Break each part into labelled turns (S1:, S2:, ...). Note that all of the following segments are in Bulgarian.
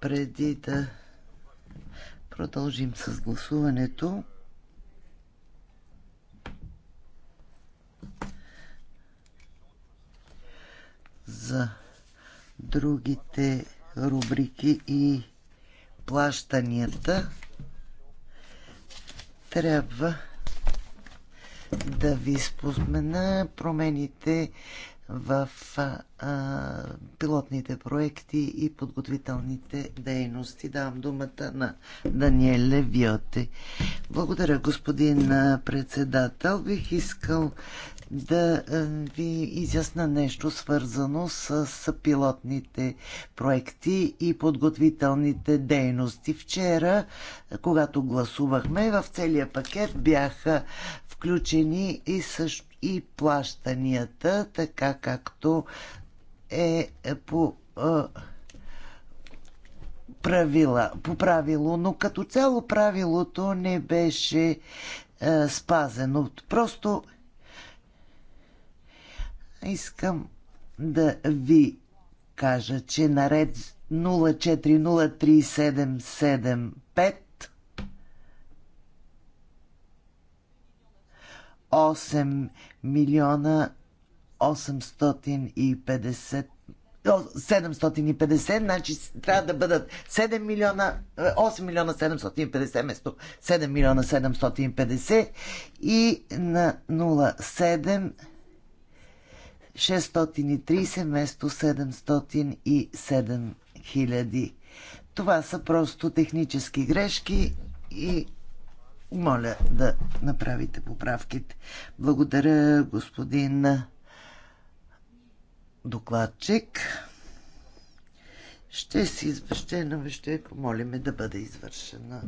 S1: преди да продължим с гласуването, за другите рубрики и плащанията, трябва да ви спомена промените в а, пилотните проекти и подготвителните дейности. Давам думата на Даниеле Виоте. Благодаря, господин председател. Бих искал да ви изясна нещо свързано с, с пилотните проекти и подготвителните дейности. Вчера, когато гласувахме, в целия пакет бяха включени и също и плащанията, така както е по правила, по правило, но като цяло правилото не беше е, спазено. Просто искам да ви кажа, че наред 0403775 8 милиона 850 750, значи трябва да бъдат 7 милиона, 8 е, милиона 750 вместо 7 милиона 750 и на 07 630 вместо 707 хиляди. Това са просто технически грешки и моля да направите поправките. Благодаря, господин докладчик. Ще си извещено, ще молиме да бъде извършена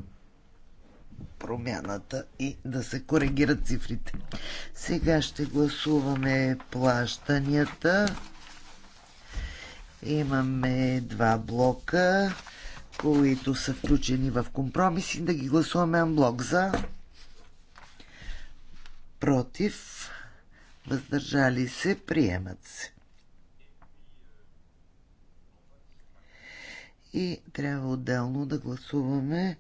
S1: промяната и да се коригират цифрите. Сега ще гласуваме плащанията. Имаме два блока които са включени в компромиси, да ги гласуваме блок за, против, въздържали се, приемат се. И трябва отделно да гласуваме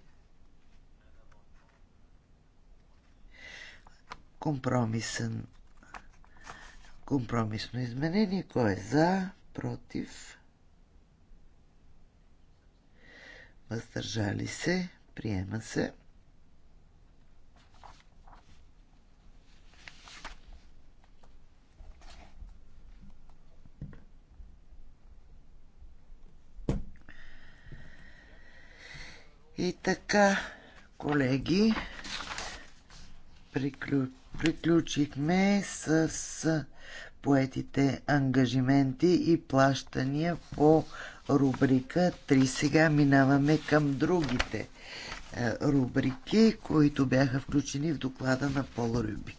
S1: компромисен компромисно изменение. Кой е за, против, въздържали се, приема се. И така, колеги, приключихме с поетите ангажименти и плащания по рубрика 3. Сега минаваме към другите е, рубрики, които бяха включени в доклада на Пол Рюбик.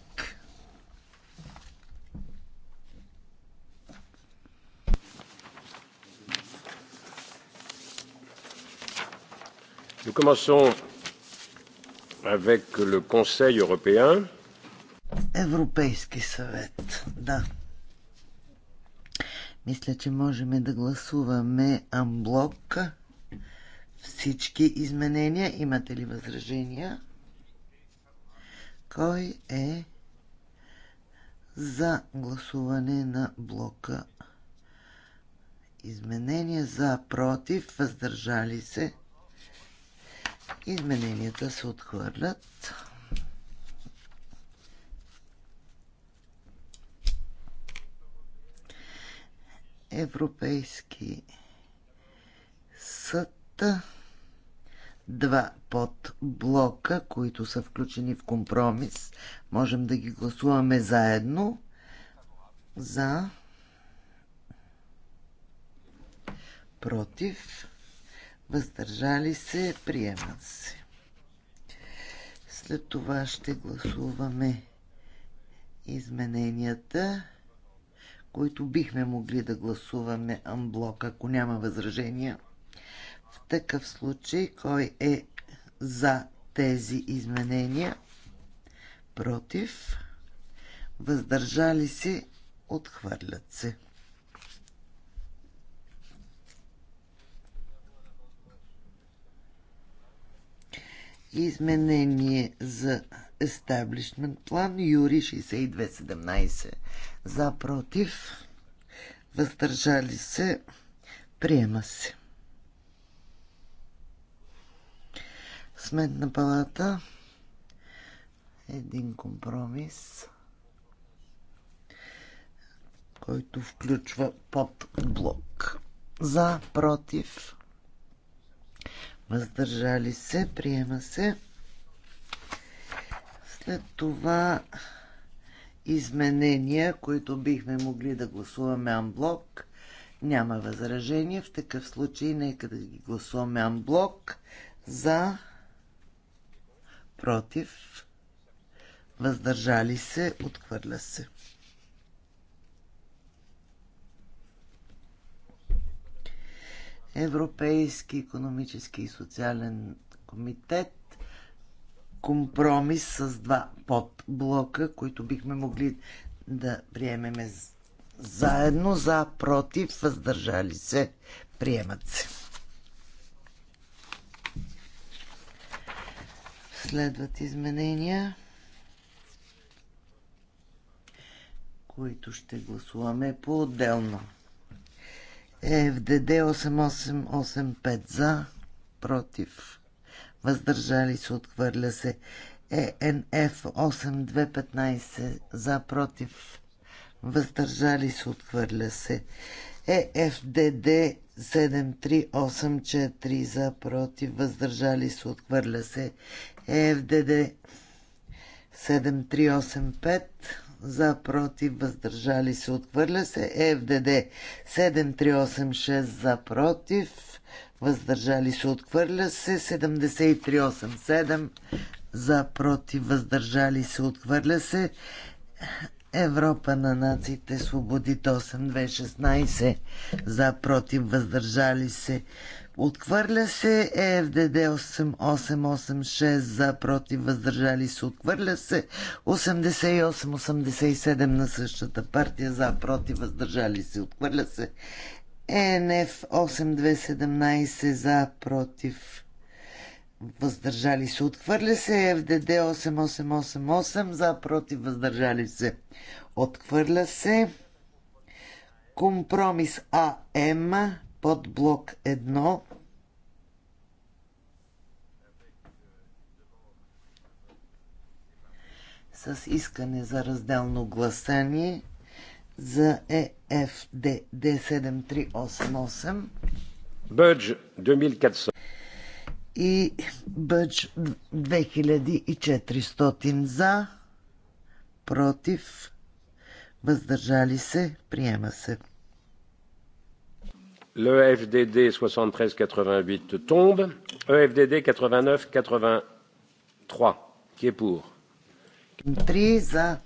S2: avec le Conseil européen.
S1: Европейски съвет, да. Мисля, че можем да гласуваме амблок всички изменения. Имате ли възражения? Кой е за гласуване на блока? Изменения за, против, въздържали се. Измененията се отхвърлят. Европейски съд два подблока, които са включени в компромис. Можем да ги гласуваме заедно. За. Против. Въздържали се. Приемат се. След това ще гласуваме измененията които бихме могли да гласуваме Анблок, ако няма възражения. В такъв случай, кой е за тези изменения? Против? Въздържали се? Отхвърлят се. изменение за естаблишмент план Юри 6217 за против, въздържали се, приема се. Сметна палата, един компромис, който включва блок. За, против, въздържали се, приема се. След това изменения, които бихме могли да гласуваме анблок. Няма възражение. В такъв случай нека да ги гласуваме анблок за против въздържали се, отхвърля се. Европейски економически и социален комитет компромис с два подблока, които бихме могли да приемеме заедно, за, против, въздържали се, приемат се. Следват изменения, които ще гласуваме по-отделно. ФДД е, 8885 за, против, въздържали се, отхвърля се. ЕНФ 8215 за против, въздържали се, отхвърля се. ЕФДД 7384 за против, въздържали се, отхвърля се. ЕФДД 7385 за против, въздържали се, отхвърля се. ФДД е 7386 за против, въздържали се, отхвърля се. 7387 за против, въздържали се, отхвърля се. Европа на нациите, свободите 8 за против, въздържали се, Отхвърля се ЕФДД 8886 за против въздържали се. Отхвърля се 8887 на същата партия за против въздържали се. Отхвърля се ЕНФ 8217 за против въздържали се. Отхвърля се е ФДД 8888 за против въздържали се. Отхвърля се компромис АМ под блок 1 с искане за разделно гласание за EFD D7388
S2: Бъдж 2400
S1: и Бъдж 2400 за против въздържали се приема се
S2: Le FDD 73-88 tombe. EFDD 89-83. Qui est pour
S1: 3 за.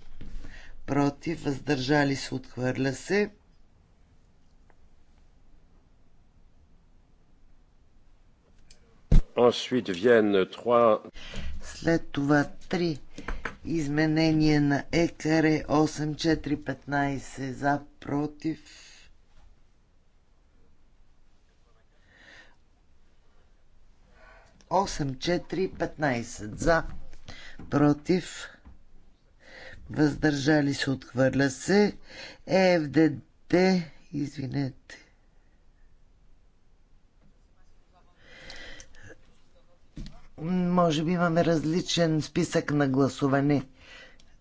S1: Против. Въздържали се. Отхвърля се.
S2: Ensuite viennent trois... След това
S1: три изменения на ЕКР 8415 за против 8415 за, против, въздържали се, отхвърля се. ЕФДД, извинете. Може би имаме различен списък на гласуване.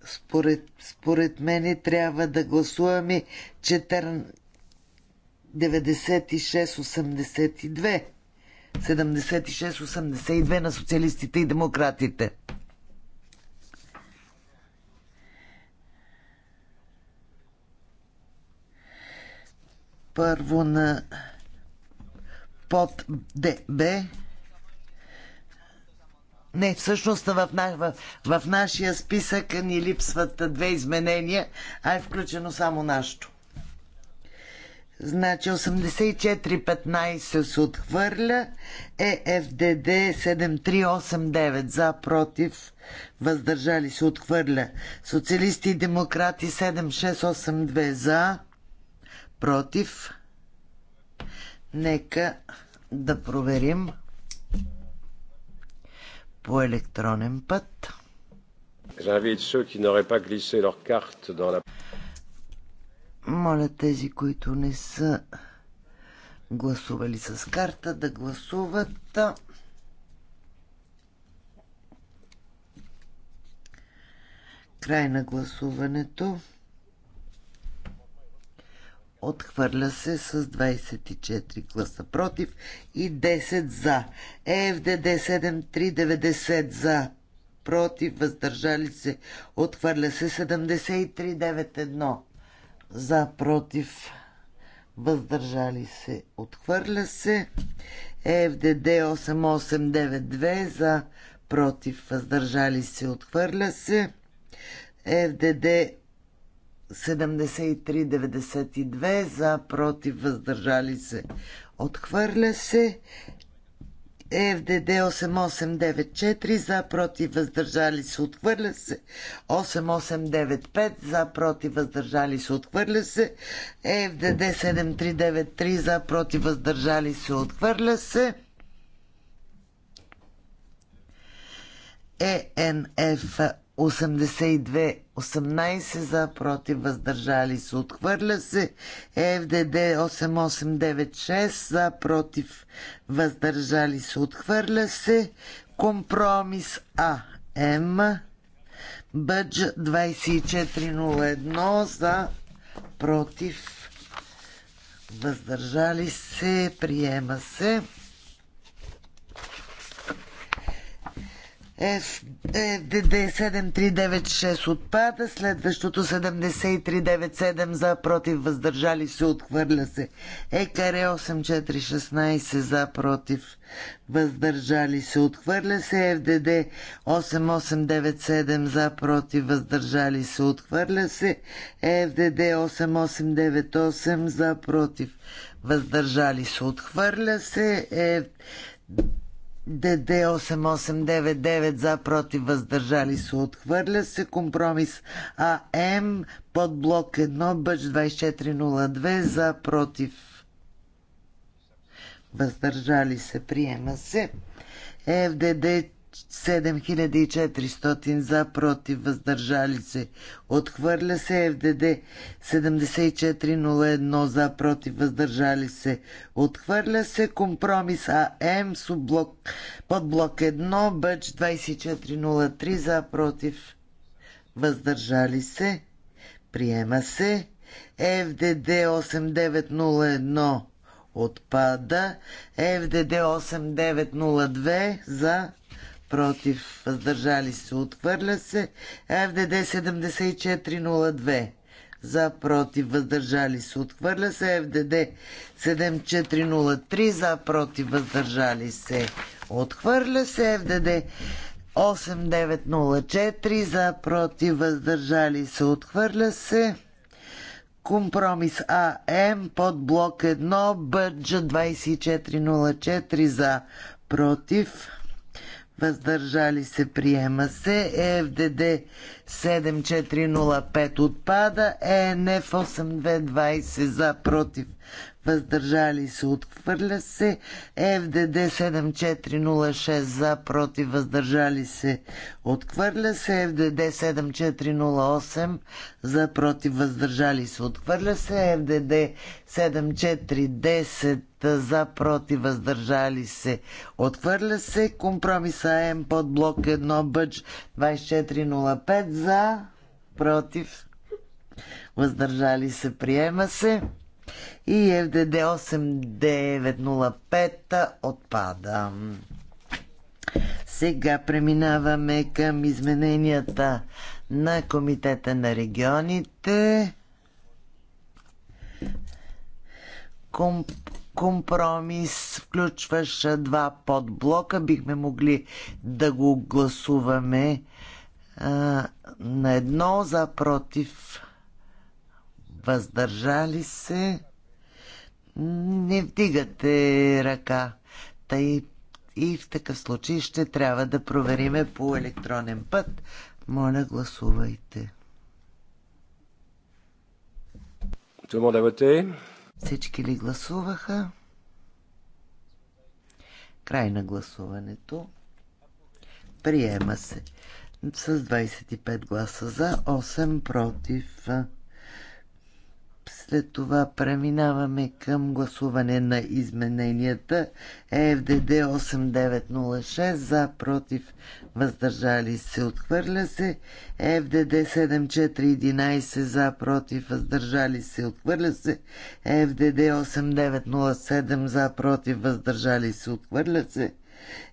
S1: Според, според мен трябва да гласуваме 4... 96-82. 76-82 на социалистите и демократите. Първо на под ДБ. Не, всъщност в, в, в нашия списък ни липсват две изменения, а е включено само нашето. Значи 84-15 се отхвърля. Е ЕФДД 7389 за, против, въздържали се отхвърля. Социалисти и демократи 7682 за, против. Нека да проверим по електронен път.
S2: J'invite ceux qui n'auraient pas glissé leur carte dans la...
S1: Моля тези, които не са гласували с карта, да гласуват. Край на гласуването. Отхвърля се с 24 гласа против и 10 за. ЕФДД 7390 за. Против, въздържали се. Отхвърля се 7391 за, против, въздържали се, отхвърля се. ЕФДД 8892 за, против, въздържали се, отхвърля се. Е ФДД 7392 за, против, въздържали се, отхвърля се. ФДД 8894 за против въздържали се отхвърля се 8895 за против въздържали се отхвърля се ФДД 7393 за против въздържали се отхвърля се е ЕНФ 82-18 за, против, въздържали се, отхвърля се. ФДД 8896 за, против, въздържали се, отхвърля се. Компромис А М. Бъдж 2401 за, против, въздържали се, приема се. ДД7396 отпада, следващото 7397 за, против, въздържали се, отхвърля се. ЕКР 8416 за, против, въздържали се, отхвърля се. ФДД 8897 за, против, въздържали се, отхвърля се. ФДД 8898 за, против, въздържали се, отхвърля се. Е... ДД8899 за против въздържали се отхвърля се. Компромис АМ под блок 1 бъч 2402 за против въздържали се приема се. Е ФДД 7400 за, против, въздържали се. Отхвърля се ФДД 7401 за, против, въздържали се. Отхвърля се компромис АМ под подблок 1, бъч 2403 за, против, въздържали се. Приема се. ФДД 8901 отпада. ФДД 8902 за, против, въздържали се, отхвърля се. ФДД 7402 за, против, въздържали се, отхвърля се. ФДД 7403 за, против, въздържали се, отхвърля се. ФДД 8904 за, против, въздържали се, отхвърля се. Компромис АМ под блок 1, бърджа 2404 за, против, въздържали се, приема се. ФДД 7405 отпада. ЕНФ 8220 за, против, въздържали се, отхвърля се. ФДД 7406 за, против, въздържали се, отхвърля се. ФДД 7408 за, против, въздържали се, отхвърля се. ФДД 7410 за, против, въздържали се, отхвърля се. Компромис АМ под блок 1 бъч 2405 за, против, въздържали се, приема се и ФДД 8905 отпада. Сега преминаваме към измененията на Комитета на регионите. Комп компромис, включваш два подблока. Бихме могли да го гласуваме а, на едно за против въздържали се, не вдигате ръка. Тъй и в такъв случай ще трябва да провериме по електронен път. Моля, гласувайте. Всички ли гласуваха? Край на гласуването. Приема се. С 25 гласа за, 8 против. След това преминаваме към гласуване на измененията. Е ФДД 8906 за, против, въздържали се, отхвърля се. Е ФДД 7411 за, против, въздържали се, отхвърля се. Е ФДД 8907 за, против, въздържали се, отхвърля се.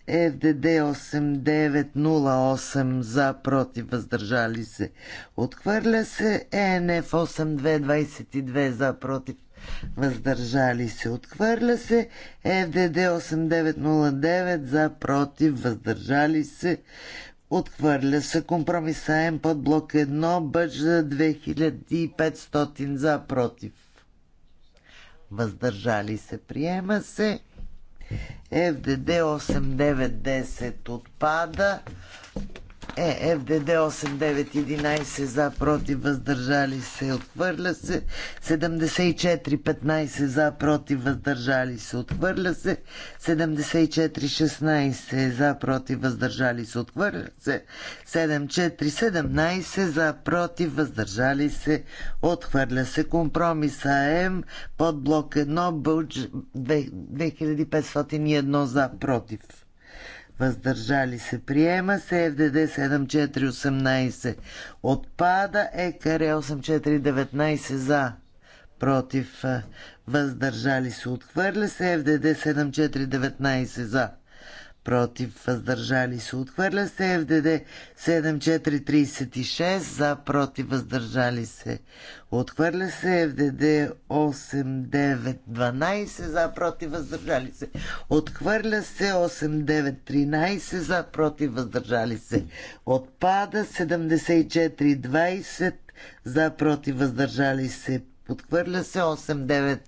S1: ФДД 8908 за против въздържали се. Отхвърля се ЕНФ 8222 за против въздържали се. Отхвърля се е ФДД 8909 за против въздържали се. Отхвърля се компромиса М под блок 1 бъж за 2500 за против. Въздържали се. Приема се. 9 8910 отпада. ЕФДД е 8911 за, против, въздържали се, отхвърля се. 7415 за, против, въздържали се, отхвърля се. 7416 за, против, въздържали се, отхвърля се. 7417 за, против, въздържали се, отхвърля се. Компромис АМ под блок 1, 2501 за, против въздържали се. Приема се ФДД 7418 отпада, ЕКР 8419 за, против, въздържали се. Отхвърля се ФДД 7419 за, против, въздържали се, отхвърля се. ФДД 7436 за, против, въздържали се, отхвърля се. ФДД 8912 за, против, въздържали се, отхвърля се. 8913 за, против, въздържали се, отпада. 7420 за, против, въздържали се, Отхвърля се 8, 9,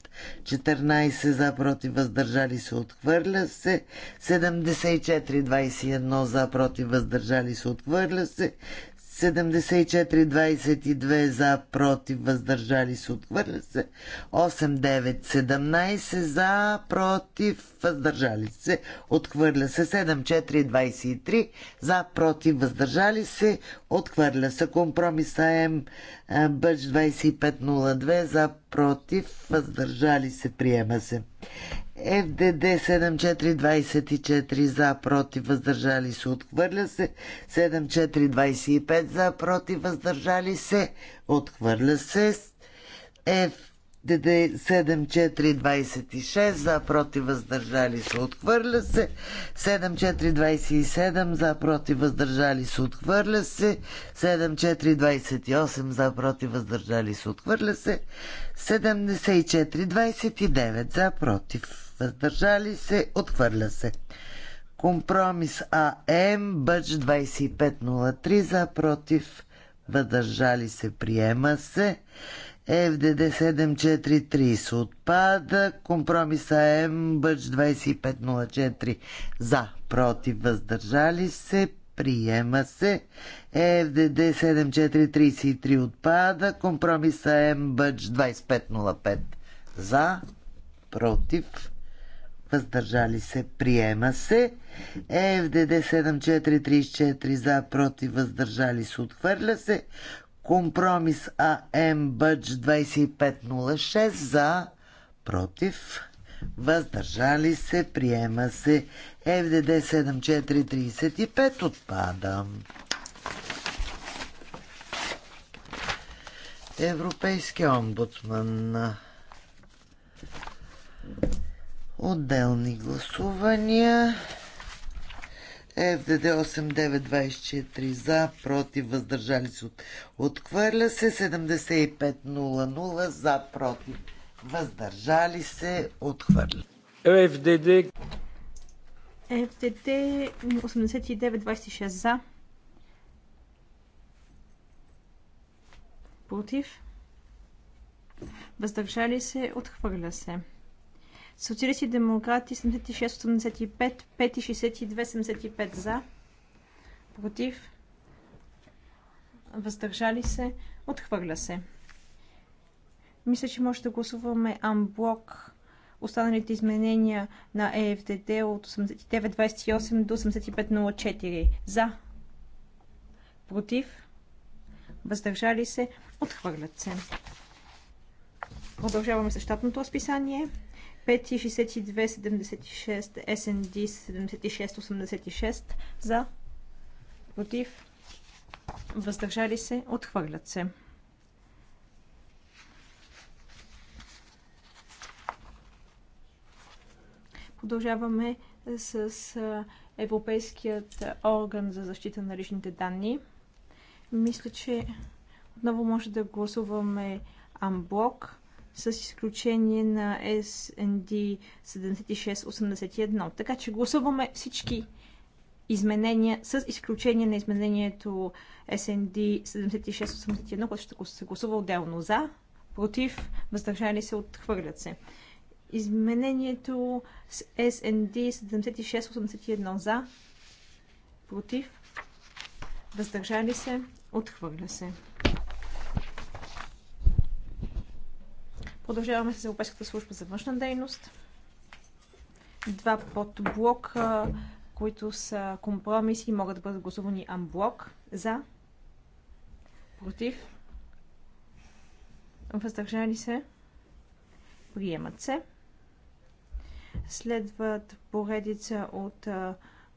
S1: 14 за против въздържали се. Отхвърля се 74, 21 за против въздържали се. Отхвърля се 74-22 за, против, въздържали се, отхвърля се. 8-9-17 за, против, въздържали се, отхвърля се. 7-4-23 за, против, въздържали се, отхвърля се. Компромиса М е, Бъч 25-02 за, против, въздържали се, приема се. ФДД 7424 за, против, въздържали се, отхвърля се. 7425 за, против, въздържали се, отхвърля се. ФДД 7426 за, против, въздържали се, отхвърля се. 7427 за, против, въздържали се, отхвърля се. 7428 за, против, въздържали се, отхвърля се. 7429 за, против въздържали се, отхвърля се. Компромис АМ, бъч 2503 за, против, въздържали се, приема се. ФДД 743 се отпада. Компромис АМ, бъч 2504 за, против, въздържали се, приема се. ФДД 7433 отпада. компромис АМ, бъч 2505 за, против, въздържали се, приема се. ЕФДД 7434 за, против, въздържали се, отхвърля се. Компромис АМ Бъдж 2506 за, против, въздържали се, приема се. Е ФДД 7435 отпада. Европейския омбудсман Отделни гласувания. ФДД 8924 за, против, въздържали се от... Отхвърля се 7500 за, против, въздържали се, отхвърля. ФДД
S3: ФДД 8926 за. Против. Въздържали се, отхвърля се. Социалисти и демократи 76-85, 5-62-75 за, против, въздържали се, отхвърля се. Мисля, че може да гласуваме амблок останалите изменения на ЕФДД от 89-28 до 85-04. За, против, въздържали се, отхвърлят се. Продължаваме с щатното списание. 5,62,76, СНД 76,86 за, против, въздържали се, отхвърлят се. Продължаваме с Европейският орган за защита на личните данни. Мисля, че отново може да гласуваме Амблок с изключение на SND 7681. Така че гласуваме всички изменения, с изключение на изменението SND 7681, което ще се гласува отделно за, против, въздържали се, отхвърлят се. Изменението с SND 7681 за, против, въздържали се, отхвърля се. Продължаваме с Европейската служба за външна дейност. Два подблока, които са компромиси и могат да бъдат гласувани амблок. За. Против. Въздържали се. Приемат се. Следват поредица от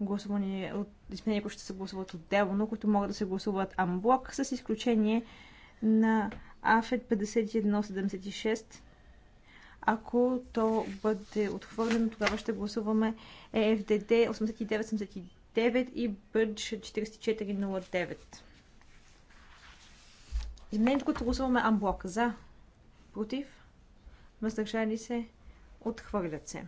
S3: гласувани, от изменения, които ще се гласуват отделно, които могат да се гласуват амблок, с изключение на АФЕД 5176 ако то бъде отхвърлено, тогава ще гласуваме ЕФДД 8979 и Бърдж 4409. Изменението, което гласуваме Амблок за, против, въздържали се, отхвърлят се.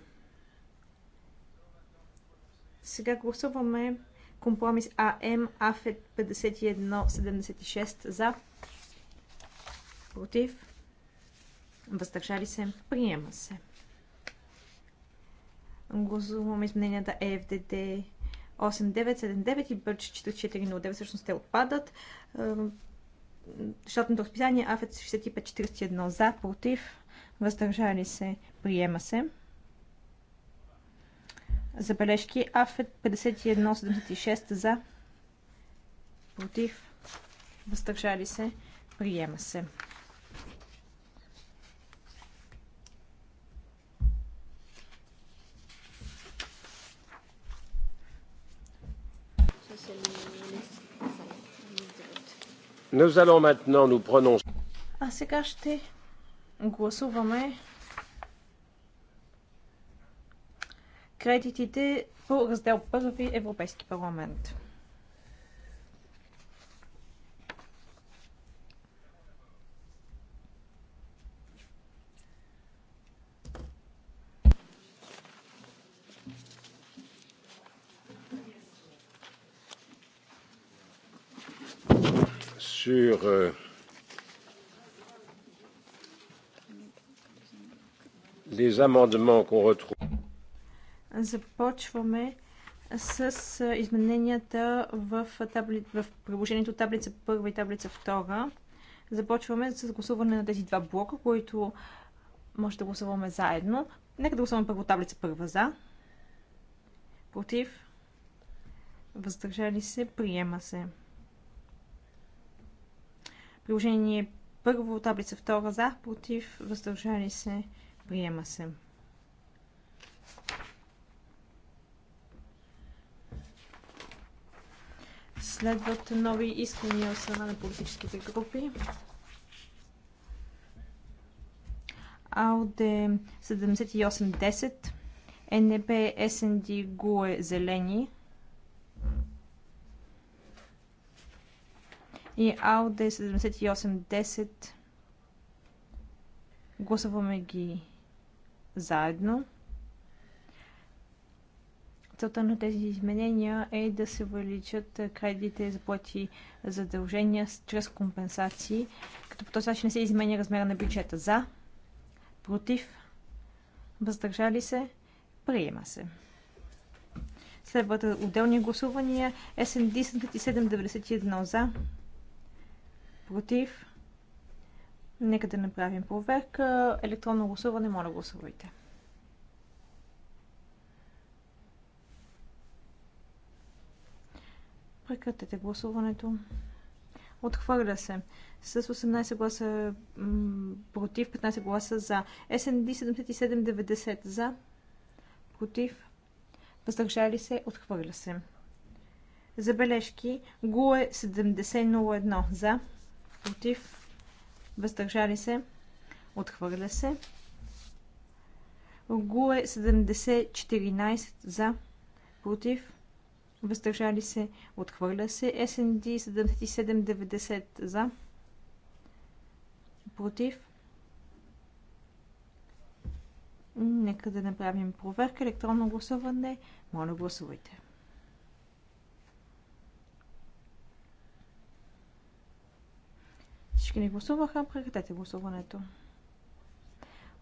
S3: Сега гласуваме компромис АМ АФЕТ 5176 за, против, въздържали се, приема се. Гласуваме измененията ЕФДД 8979 и БРЧ 4409, всъщност те отпадат. Е, Щатното разписание АФЕТ 6541 за, против, въздържали се, приема се. Забележки АФЕТ 5176 за, против, въздържали се, приема се.
S2: Nous allons maintenant nous prononcer.
S3: А сега ще гласуваме кредитите по раздел 1 Европейски парламент.
S2: sur euh, les amendements qu'on retrouve.
S3: Започваме с измененията в, табли... в приложението таблица 1 и таблица 2. Започваме с гласуване на тези два блока, които може да гласуваме заедно. Нека да гласуваме първо таблица 1 за. Против. Въздържали се. Приема се. Приложение първо, таблица втора за, против, въздържали се, приема се. Следват нови искания от страна на политическите групи. АОД 7810, НБ, СНД, ГУЕ, Зелени, и Audi 7810. Гласуваме ги заедно. Целта на тези изменения е да се увеличат кредитите за плати задължения чрез компенсации, като по този начин не се изменя размера на бюджета. За, против, въздържали се, приема се. Следват отделни гласувания. СНД 7791 за, против. Нека да направим проверка. Електронно гласуване, моля гласувайте. Прекратете гласуването. Отхвърля се. С 18 гласа против, 15 гласа за. СНД 7790 за. Против. Въздържали се. Отхвърля се. Забележки. ГУЕ 7001 за против, въздържали се, отхвърля се. Гуе 70-14 за, против, въздържали се, отхвърля се. СНД 77-90 за, против. Нека да направим проверка. Електронно гласуване. Моля, гласувайте. Всички не гласуваха? Прекратете гласуването.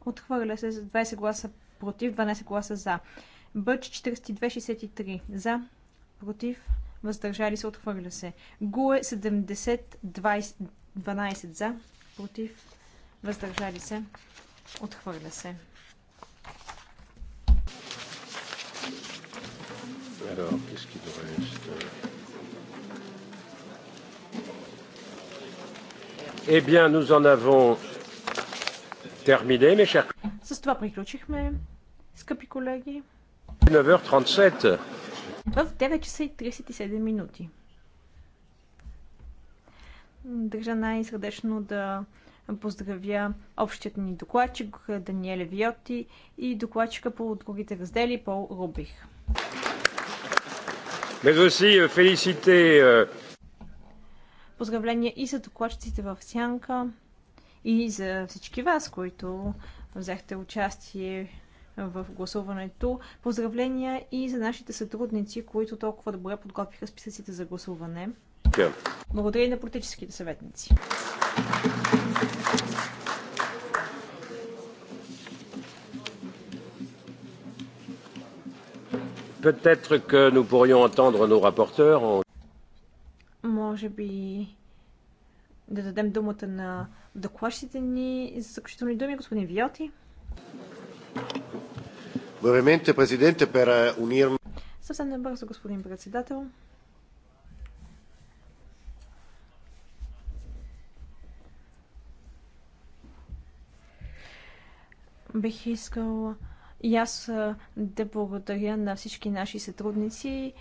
S3: Отхвърля се с 20 гласа против, 12 гласа за. Бъч 4263 за, против, въздържали се, отхвърля се. Гуе 70 12 за, против, въздържали се, отхвърля се.
S2: Alors, qu'est-ce qui devrait Eh bien, nous en avons terminé, mes chers
S3: С това приключихме, скъпи колеги. 9 В 9 часа и 37 минути. Държа най-сърдечно да поздравя общият ни докладчик Даниеле Виоти и докладчика по другите раздели Пол Рубих.
S2: Mais aussi euh, féliciter euh,
S3: Поздравления и за докладчиците в Сянка и за всички вас, които взехте участие в гласуването. Поздравления и за нашите сътрудници, които толкова добре подготвиха списъците за гласуване. Благодаря и на политическите съветници.
S2: Peut-être que nous pourrions entendre nos rapporteurs
S3: може би да дадем думата на докладчите ни за заключителни думи, господин Виоти.
S1: Brevemente, президенте, пера унир...
S3: Съвсем набързо, господин председател. Бих искал и аз да благодаря на всички наши сътрудници.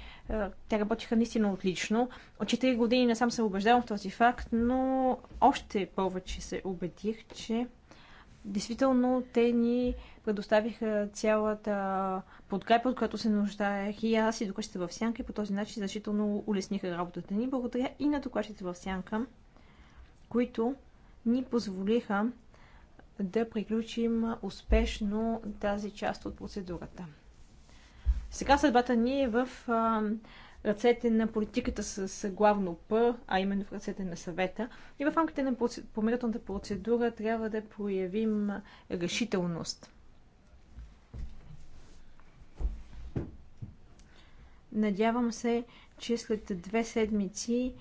S3: Те работиха наистина отлично. От 4 години не сам се убеждавам в този факт, но още повече се убедих, че действително те ни предоставиха цялата подкрепа, от която се нуждаех и аз и докладчите в сянка и по този начин значително улесниха работата ни. Благодаря и на докладчите в сянка, които ни позволиха да приключим успешно тази част от процедурата. Сега съдбата ни е в а, ръцете на политиката с, с главно П, а именно в ръцете на съвета. И в рамките на помирателната процедура трябва да проявим решителност. Надявам се, че след две седмици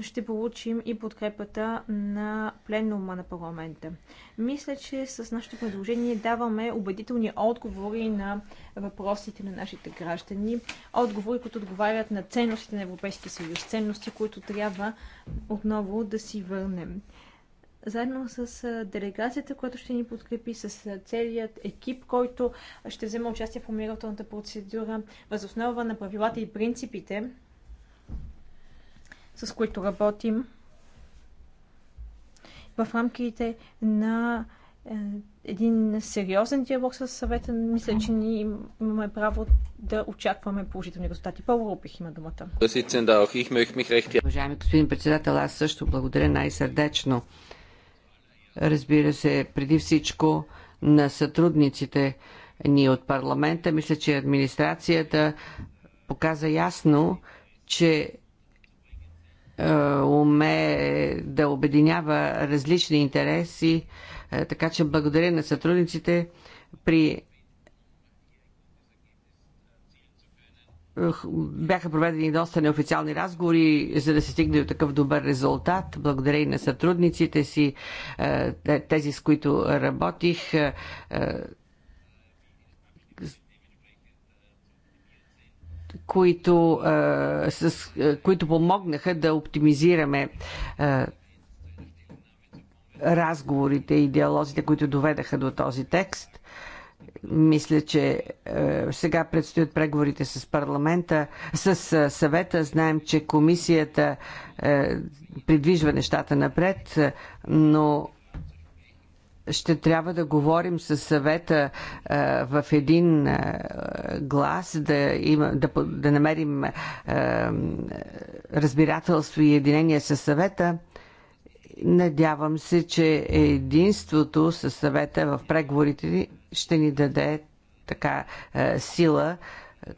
S3: ще получим и подкрепата на пленума на парламента. Мисля, че с нашето предложение даваме убедителни отговори на въпросите на нашите граждани. Отговори, които отговарят на ценностите на Европейския съюз. Ценности, които трябва отново да си върнем. Заедно с делегацията, която ще ни подкрепи, с целият екип, който ще вземе участие в умирателната процедура, възоснова на правилата и принципите, с които работим в рамките на е, един сериозен диалог с съвета, мисля, че ние имаме право да очакваме положителни резултати. Павло Рупих има думата.
S4: Уважаеми господин председател, аз също благодаря най-сърдечно. Разбира се, преди всичко на сътрудниците ни от парламента. Мисля, че администрацията показа ясно, че е, уме да обединява различни интереси, е, така че благодаря на сътрудниците при е, бяха проведени доста неофициални разговори, за да се стигне до такъв добър резултат. Благодаря и на сътрудниците си, тези с които работих. които, е, с, е, които помогнаха да оптимизираме е, разговорите и диалозите, които доведаха до този текст. Мисля, че е, сега предстоят преговорите с парламента, с е, съвета. Знаем, че комисията е, придвижва нещата напред, но ще трябва да говорим с съвета а, е, в един а, е, глас, да, има, да, да намерим а, е, разбирателство и единение с съвета. Надявам се, че единството с съвета в преговорите ни ще ни даде така а, сила,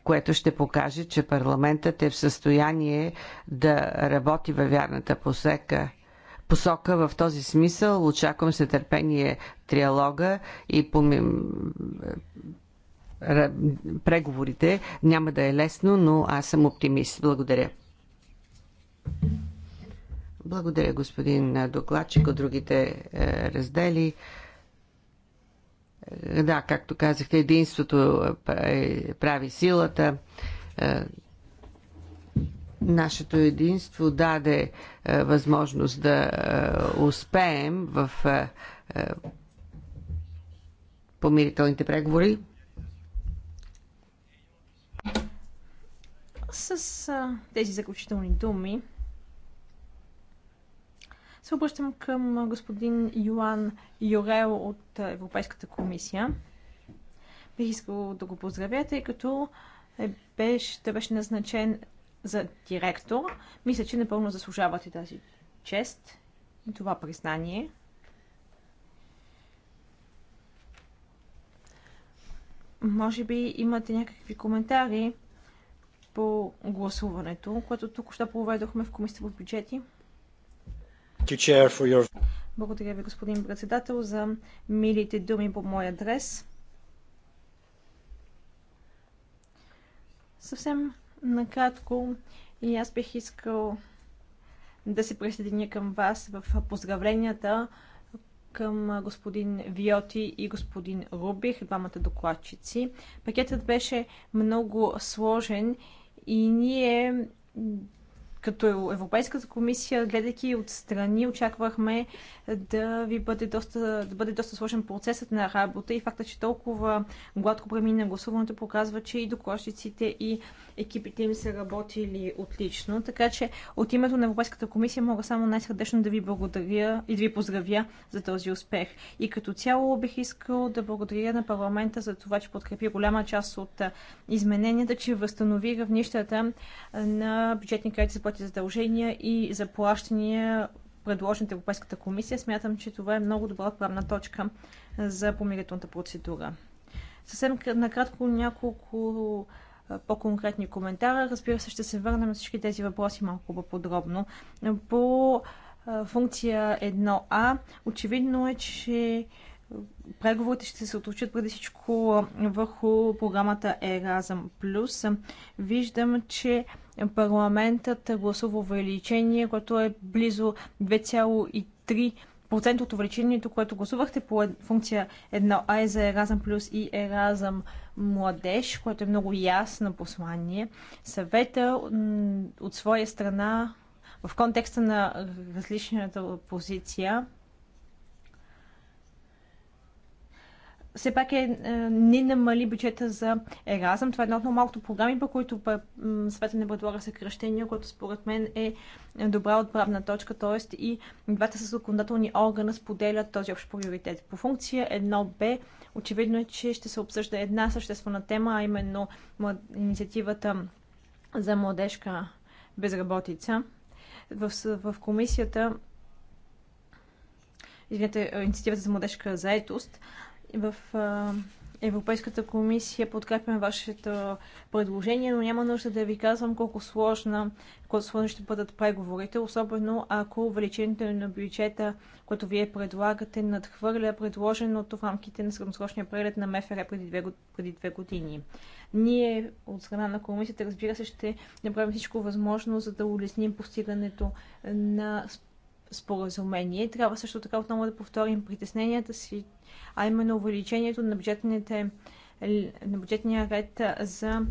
S4: което ще покаже, че парламентът е в състояние да работи във вярната посека посока. В този смисъл очаквам се търпение триалога и по преговорите. Няма да е лесно, но аз съм оптимист. Благодаря. Благодаря, господин докладчик, от другите е, раздели. Е, да, както казахте, единството е, прави силата нашето единство даде а, е, възможност да а, е, успеем в а, е, а, помирителните преговори?
S3: С а, тези заключителни думи се обръщам към господин Йоан Йорел от Европейската комисия. Бих искал да го поздравя, тъй като е, беше, той беше назначен за директор. Мисля, че напълно заслужавате тази чест и това признание. Може би имате някакви коментари по гласуването, което тук ще проведохме в Комисията по бюджети. Благодаря ви, господин председател, за милите думи по мой адрес. Съвсем накратко и аз бих искал да се присъединя към вас в поздравленията към господин Виоти и господин Рубих, двамата докладчици. Пакетът беше много сложен и ние като Европейската комисия, гледайки отстрани, очаквахме да ви бъде доста, да бъде доста сложен процесът на работа и факта, че толкова гладко премина гласуването, показва, че и докладчиците и екипите им са работили отлично. Така че от името на Европейската комисия мога само най-сърдечно да ви благодаря и да ви поздравя за този успех. И като цяло бих искал да благодаря на парламента за това, че подкрепи голяма част от измененията, че възстанови равнищата на бюджетни кредити за своите задължения и заплащания, предложени от Европейската комисия. Смятам, че това е много добра правна точка за помирителната процедура. Съвсем накратко няколко по-конкретни коментара. Разбира се, ще се върнем на всички тези въпроси малко по-подробно. По функция 1А, очевидно е, че преговорите ще се отучат преди всичко върху програмата Erasmus+. Виждам, че парламентът гласува увеличение, което е близо 2,3% от увеличението, което гласувахте по функция 1А е за Еразъм плюс и Еразъм младеж, което е много ясно послание. Съвета от своя страна в контекста на различната позиция все пак е, не намали бюджета за Еразъм. Това е едно от малкото програми, по които света не предлага съкръщения, което според мен е, е добра отправна точка, т.е. и двата с законодателни органа споделят този общ приоритет. По функция 1Б очевидно е, че ще се обсъжда една съществена тема, а именно инициативата за младежка безработица. В, в комисията извинете, инициативата за младежка заетост в Европейската комисия подкрепям вашето предложение, но няма нужда да ви казвам колко сложна, колко сложни ще бъдат преговорите, особено ако увеличението на бюджета, което вие предлагате, надхвърля предложеното в рамките на средносрочния преглед на МФР преди две, преди две години. Ние от страна на комисията, разбира се, ще направим всичко възможно, за да улесним постигането на споразумение. Трябва също така отново да повторим притесненията си, а именно увеличението на, бюджетните, на бюджетния ред за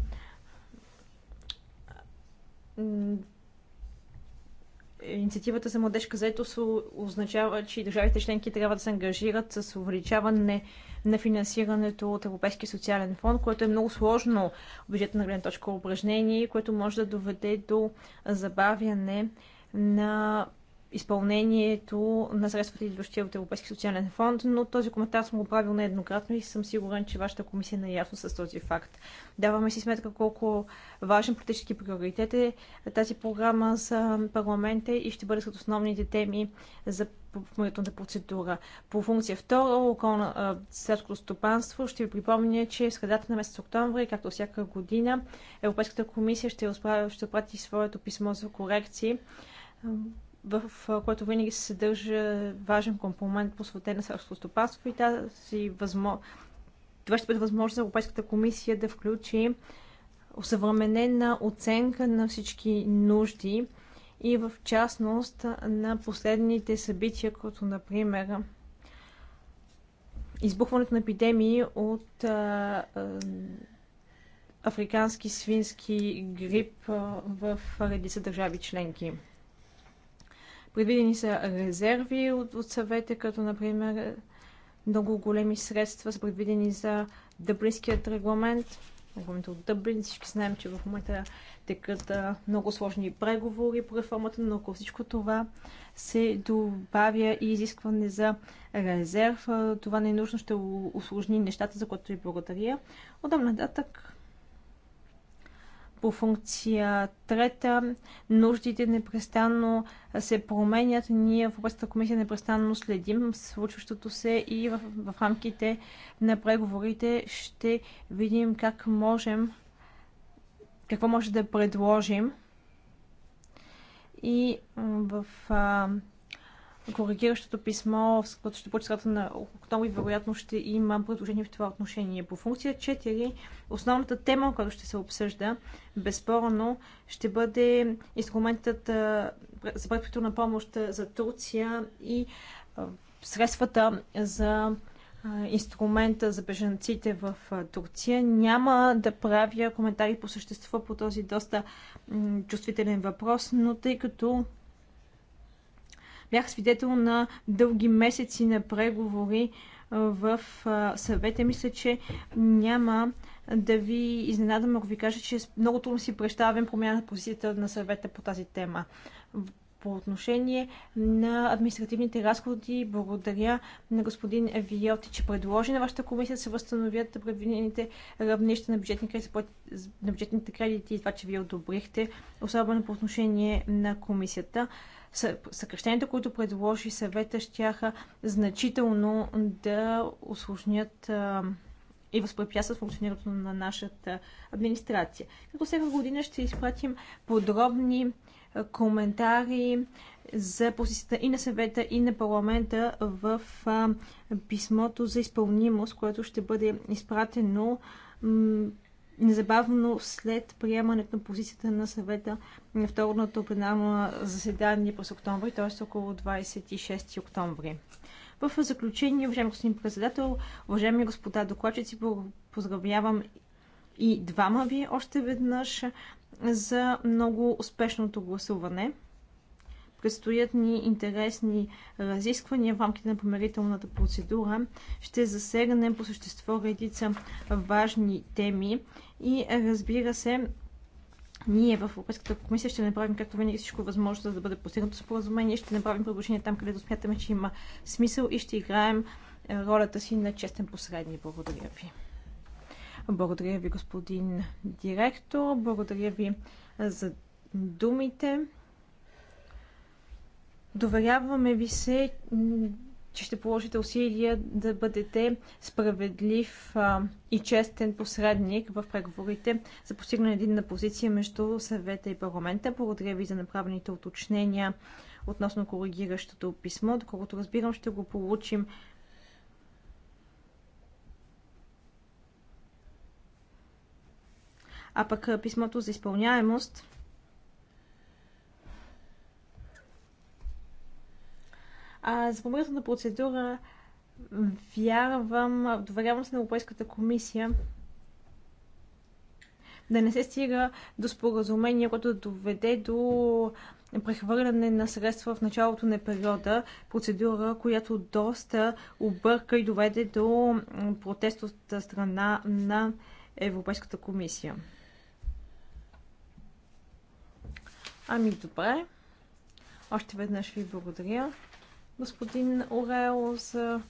S3: инициативата за младежка заетост означава, че държавите членки трябва да се ангажират с увеличаване на финансирането от Европейския социален фонд, което е много сложно на гледна точка упражнение, което може да доведе до забавяне на изпълнението на средствата, идващи от Европейски социален фонд, но този коментар съм го правил нееднократно и съм сигурен, че вашата комисия е наясно с този факт. Даваме си сметка колко важен политически приоритет е тази програма за парламента и ще бъде сред основните теми за помирителната процедура. По функция 2, околна селското стопанство, ще ви припомня, че в средата на месец октомври, както всяка година, Европейската комисия ще, отправи, ще прати своето писмо за корекции в което винаги се съдържа важен компонент посветен на селското стопанство и тази възможност. това ще бъде възможност за Европейската комисия да включи осъвременена оценка на всички нужди и в частност на последните събития, като например избухването на епидемии от а, а, африкански свински грип а, в редица държави членки. Предвидени са резерви от, от съвета, като например много големи средства са предвидени за Дъблинският регламент. Регламент от Дъблин. Всички знаем, че в момента текат много сложни преговори по реформата, но ако всичко това се добавя и изискване за резерв, това не нужно ще усложни нещата, за което ви благодаря. Отдам нататък по функция трета, нуждите непрестанно се променят. Ние в Европейската комисия непрестанно следим случващото се и в, в рамките на преговорите ще видим как можем, какво може да предложим. И в а, коригиращото писмо, което ще получи на октомври, вероятно ще има предложение в това отношение. По функция 4, основната тема, която ще се обсъжда, безспорно, ще бъде инструментът за предварителна помощ за Турция и средствата за инструмента за бежанците в Турция. Няма да правя коментари по същество по този доста чувствителен въпрос, но тъй като Бях свидетел на дълги месеци на преговори в съвета. Мисля, че няма да ви изненадам, ако ви кажа, че много трудно си представям промяна на позицията на съвета по тази тема. По отношение на административните разходи, благодаря на господин Виоти, че предложи на вашата комисия да се възстановят предвидените равнища на, бюджетни кредити, на бюджетните кредити и това, че вие одобрихте, особено по отношение на комисията съкрещенията, които предложи съвета, щяха значително да осложнят и възпрепятстват функционирането на нашата администрация. Като всяка година ще изпратим подробни коментари за позицията и на съвета, и на парламента в писмото за изпълнимост, което ще бъде изпратено незабавно след приемането на позицията на съвета на второто пленарно заседание през октомври, т.е. около 26 октомври. В заключение, уважаеми господин председател, уважаеми господа докладчици, поздравявам и двама ви още веднъж за много успешното гласуване. Предстоят ни интересни разисквания в рамките на помирителната процедура. Ще засегнем по същество редица важни теми и разбира се, ние в Европейската комисия ще направим, както винаги, всичко възможно, за да бъде постигнато споразумение. Ще направим предложение там, където смятаме, че има смисъл и ще играем е, ролята си на честен посредник. Благодаря ви. Благодаря ви, господин директор. Благодаря ви за думите. Доверяваме ви се, че ще положите усилия да бъдете справедлив а, и честен посредник в преговорите за постигане на позиция между съвета и парламента. Благодаря ви за направените уточнения относно коригиращото писмо. Доколкото разбирам, ще го получим а пък писмото за изпълняемост А за помирителна процедура вярвам, доверявам се на Европейската комисия да не се стига до споразумение, което да доведе до прехвърляне на средства в началото на периода, процедура, която доста обърка и доведе до протест от страна на Европейската комисия. Ами добре. Още веднъж ви благодаря господин Орел, за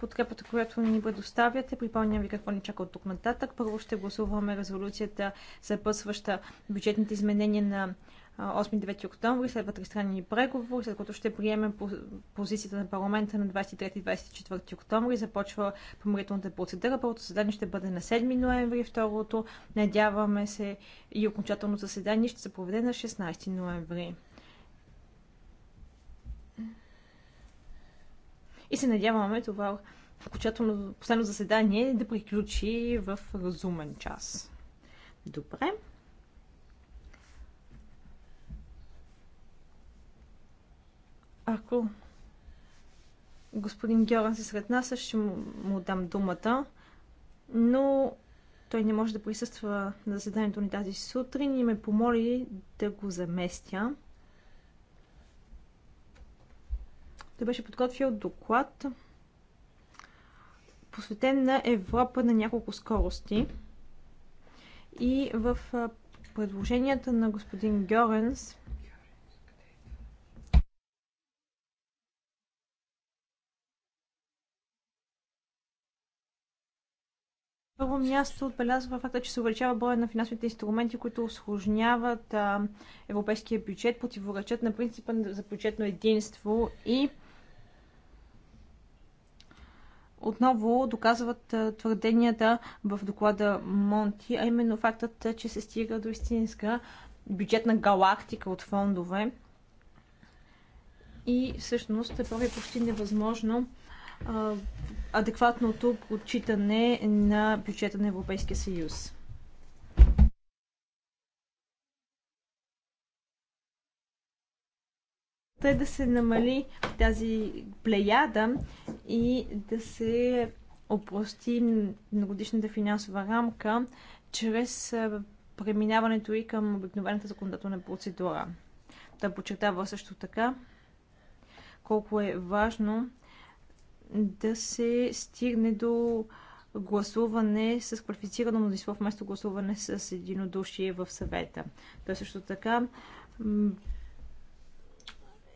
S3: подкрепата, която ни предоставяте. Припомням ви какво ни чака от тук нататък. Първо ще гласуваме резолюцията, запъсваща бюджетните изменения на 8-9 октомври, следва тристранни преговори, след което ще приемем позицията на парламента на 23-24 октомври. Започва помирителната процедура. Първото заседание ще бъде на 7 ноември, второто, надяваме се, и окончателно заседание ще се проведе на 16 ноември. и се надяваме това окончателно последно заседание да приключи в разумен час. Добре. Ако господин Георан се сред нас, ще му дам думата, но той не може да присъства на заседанието ни тази сутрин и ме помоли да го заместя. Той беше подготвил доклад, посветен на Европа на няколко скорости. И в предложенията на господин Гьоренс първо място отбелязва факта, че се увеличава броя на финансовите инструменти, които осложняват европейския бюджет, противоречат на принципа за бюджетно единство и отново доказват твърденията в доклада Монти, а именно фактът, че се стига до истинска бюджетна галактика от фондове. И всъщност е прави почти невъзможно адекватното отчитане на бюджета на Европейския съюз. е да се намали тази плеяда и да се опрости многодишната финансова рамка чрез преминаването и към обикновената законодателна процедура. Та подчертава също така колко е важно да се стигне до гласуване с квалифицирано мнозинство вместо гласуване с единодушие в съвета. Той също така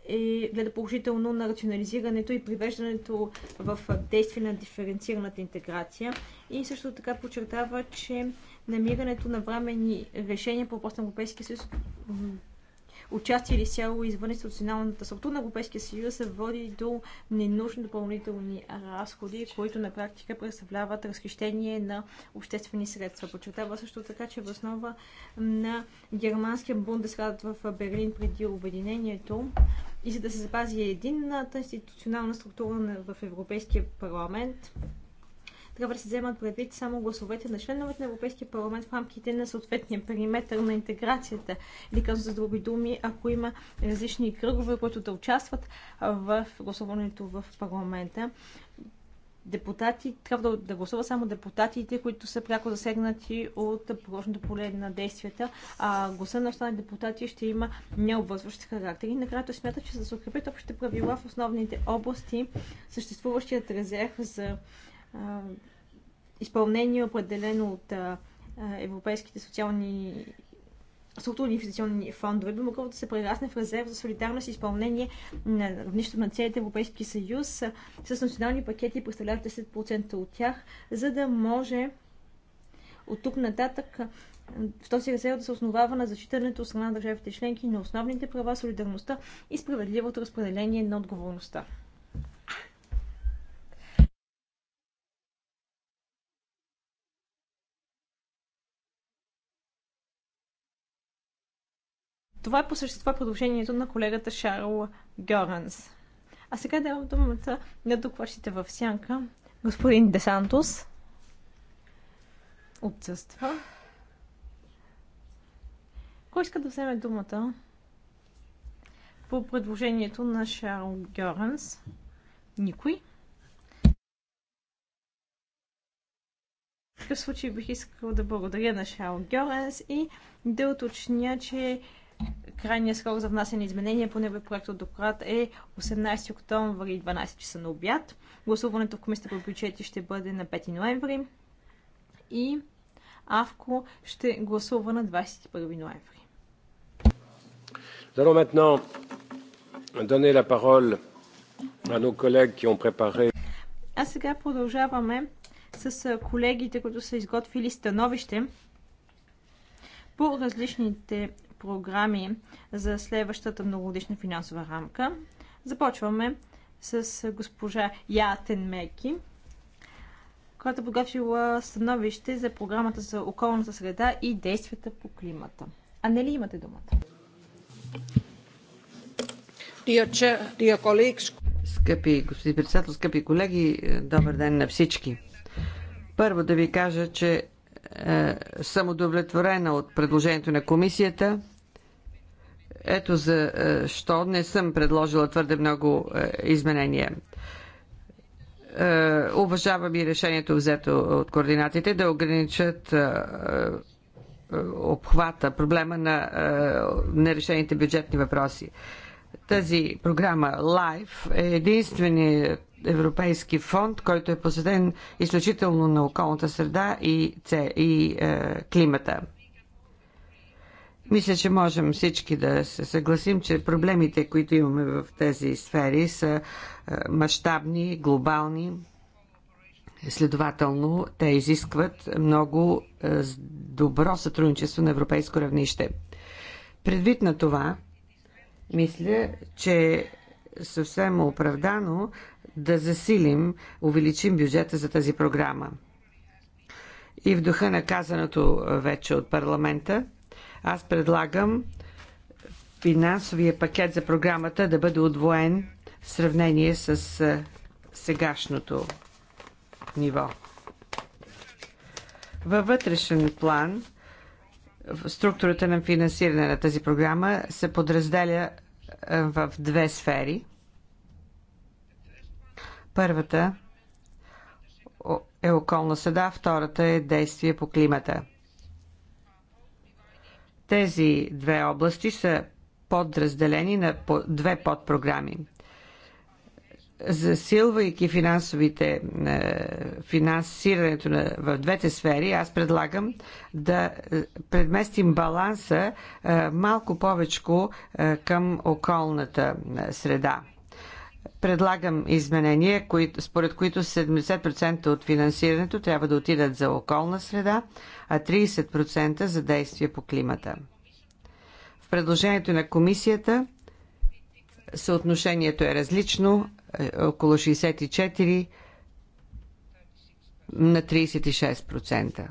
S3: и, гледа положително на рационализирането и привеждането в действие на диференцираната интеграция. И също така подчертава, че намирането на времени решения по въпрос на Европейския съюз участие или сяло извън институционалната структура на Европейския съюз се води до ненужни допълнителни разходи, които на практика представляват разхищение на обществени средства. Почетава също така, че в основа на германския бундесрат в Берлин преди обединението и за да се запази единната институционална структура в Европейския парламент, трябва да се вземат предвид само гласовете на членовете на Европейския парламент в рамките на съответния периметър на интеграцията. Или казвам с други думи, ако има различни кръгове, които да участват в гласуването в парламента, депутати, трябва да, да гласува само депутатите, които са пряко засегнати от порочното поле на действията, а гласа на останалите депутати ще има необвързващ характер. И накрая той смята, че за да се укрепят общите правила в основните области, съществуващият резерв за а, изпълнение, определено от а, европейските социални структурни инвестиционни фондове би могло да се прерасне в резерв за солидарност и изпълнение на равнището на целите Европейски съюз с национални пакети, представляващи 10% от тях, за да може от тук нататък в този резерв да се основава на зачитането от страна на държавите членки на основните права, солидарността и справедливото разпределение на отговорността. Това е по същество продължението на колегата Шарл Гьоранс. А сега давам думата на докладчите в сянка. Господин Десантос отсъства. Кой иска да вземе думата по предложението на Шарл Гьоранс? Никой. В такъв случай бих искал да благодаря на Шарл Гьоранс и да уточня, че крайният срок за внасяне изменения по неговия проект от доклад е 18 октомври 12 часа на обяд. Гласуването в комисията по бюджети ще бъде на 5 ноември и АВКО ще гласува на 21 ноември.
S2: Nous allons maintenant donner la parole à nos collègues qui ont préparé.
S3: А сега продължаваме с колегите, които са изготвили становище по различните програми за следващата многогодишна финансова рамка. Започваме с госпожа Ятен Меки, която е подготвила становище за програмата за околната среда и действията по климата. А не ли имате думата?
S4: Скъпи господин председател, скъпи колеги, добър ден на всички. Първо да ви кажа, че е, съм удовлетворена от предложението на комисията ето защо е, не съм предложила твърде много е, изменения е, уважавам и решението взето от координатите да ограничат обхвата, проблема на нерешените бюджетни въпроси. Тази програма LIFE е единственият европейски фонд, който е посветен изключително на околната среда и, климата. Мисля, че можем всички да се съгласим, че проблемите, които имаме в тези сфери, са е, мащабни, глобални. Следователно, те изискват много е, добро сътрудничество на европейско равнище. Предвид на това, мисля, че съвсем оправдано да засилим, увеличим бюджета за тази програма. И в духа на казаното вече от парламента, аз предлагам финансовия пакет за програмата да бъде удвоен в сравнение с сегашното ниво. Във вътрешен план структурата на финансиране на тази програма се подразделя в две сфери. Първата е околна среда, втората е действие по климата. Тези две области са подразделени на две подпрограми засилвайки финансовите, е, финансирането на, в двете сфери, аз предлагам да е, предместим баланса е, малко повече към околната среда. Предлагам изменения, които, според които 70% от финансирането трябва да отидат за околна среда, а 30% за действие по климата. В предложението на комисията съотношението е различно, е, около 64 на 36%.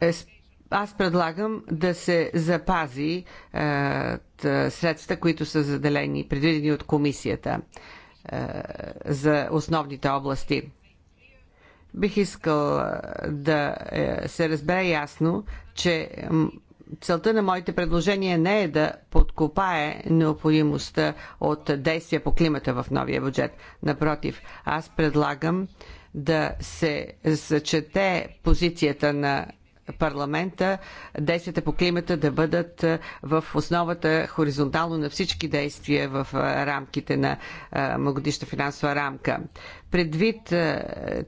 S4: Е, аз предлагам да се запази е, средства, които са заделени, предвидени от комисията е, за основните области. Бих искал е, да е, се разбере ясно, че целта на моите предложения не е да подкопае необходимостта от действия по климата в новия бюджет. Напротив, аз предлагам да се зачете позицията на парламента действията по климата да бъдат в основата хоризонтално на всички действия в рамките на многодишна финансова рамка. Предвид е,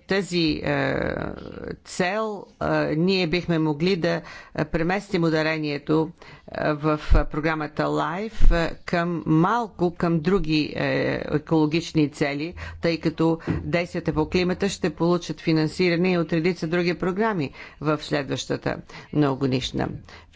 S4: тази е, цел, е, ние бихме могли да преместим ударението в програмата LIFE към малко към други екологични цели, тъй като действията по климата ще получат финансиране и от редица други програми в следващата многогодишна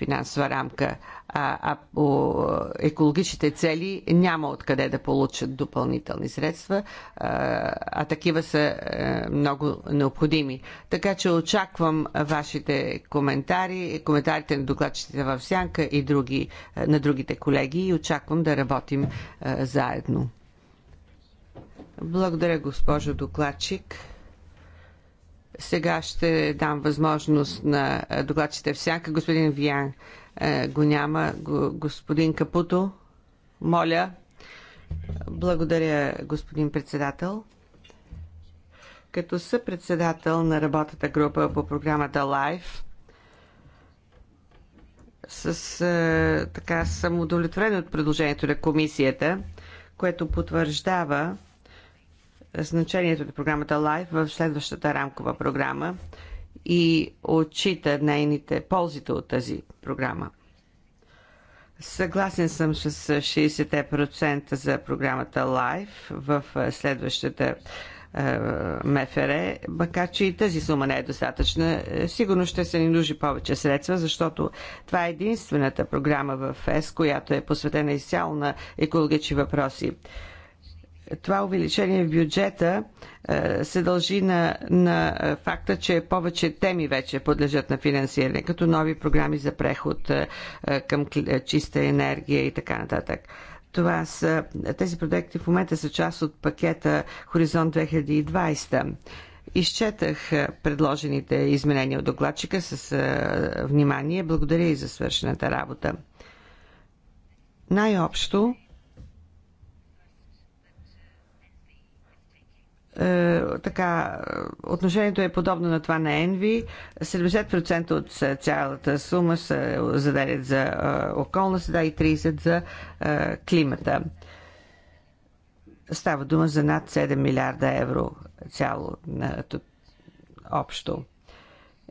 S4: финансова рамка, а, а по екологичните цели няма откъде да получат допълнителни средства, а, а такива са а, е, много необходими. Така че очаквам вашите коментари, коментарите на докладчите в Сянка и други, е, на другите колеги и очаквам да работим а, е, заедно. Благодаря, госпожо докладчик. Сега ще дам възможност на докладчите всяка. Господин Виян е, го няма. Господин Капуто, моля. Благодаря, господин председател. Като съпредседател на работата група по програмата LIFE, с е, така съм удовлетворен от предложението на комисията, което потвърждава значението на програмата LIFE в следващата рамкова програма и отчита нейните ползите от тази програма. Съгласен съм с 60% за програмата LIFE в е, следващата е, МФР, макар че и тази сума не е достатъчна. Е, сигурно ще се ни нужи повече средства, защото това е единствената програма в ЕС, която е посветена изцяло на екологични въпроси това увеличение в бюджета е, се дължи на, на факта, че повече теми вече подлежат на финансиране, като нови програми за преход е, е, към чиста енергия и така нататък. Това са, тези проекти в момента са част от пакета Хоризонт 2020. Изчетах предложените изменения от докладчика с внимание. Благодаря и за свършената работа. Най-общо Е, така, отношението е подобно на това на Енви. 70% от цялата сума се заделят за е, околна среда и 30% за е, климата. Става дума за над 7 милиарда евро цяло на, общо.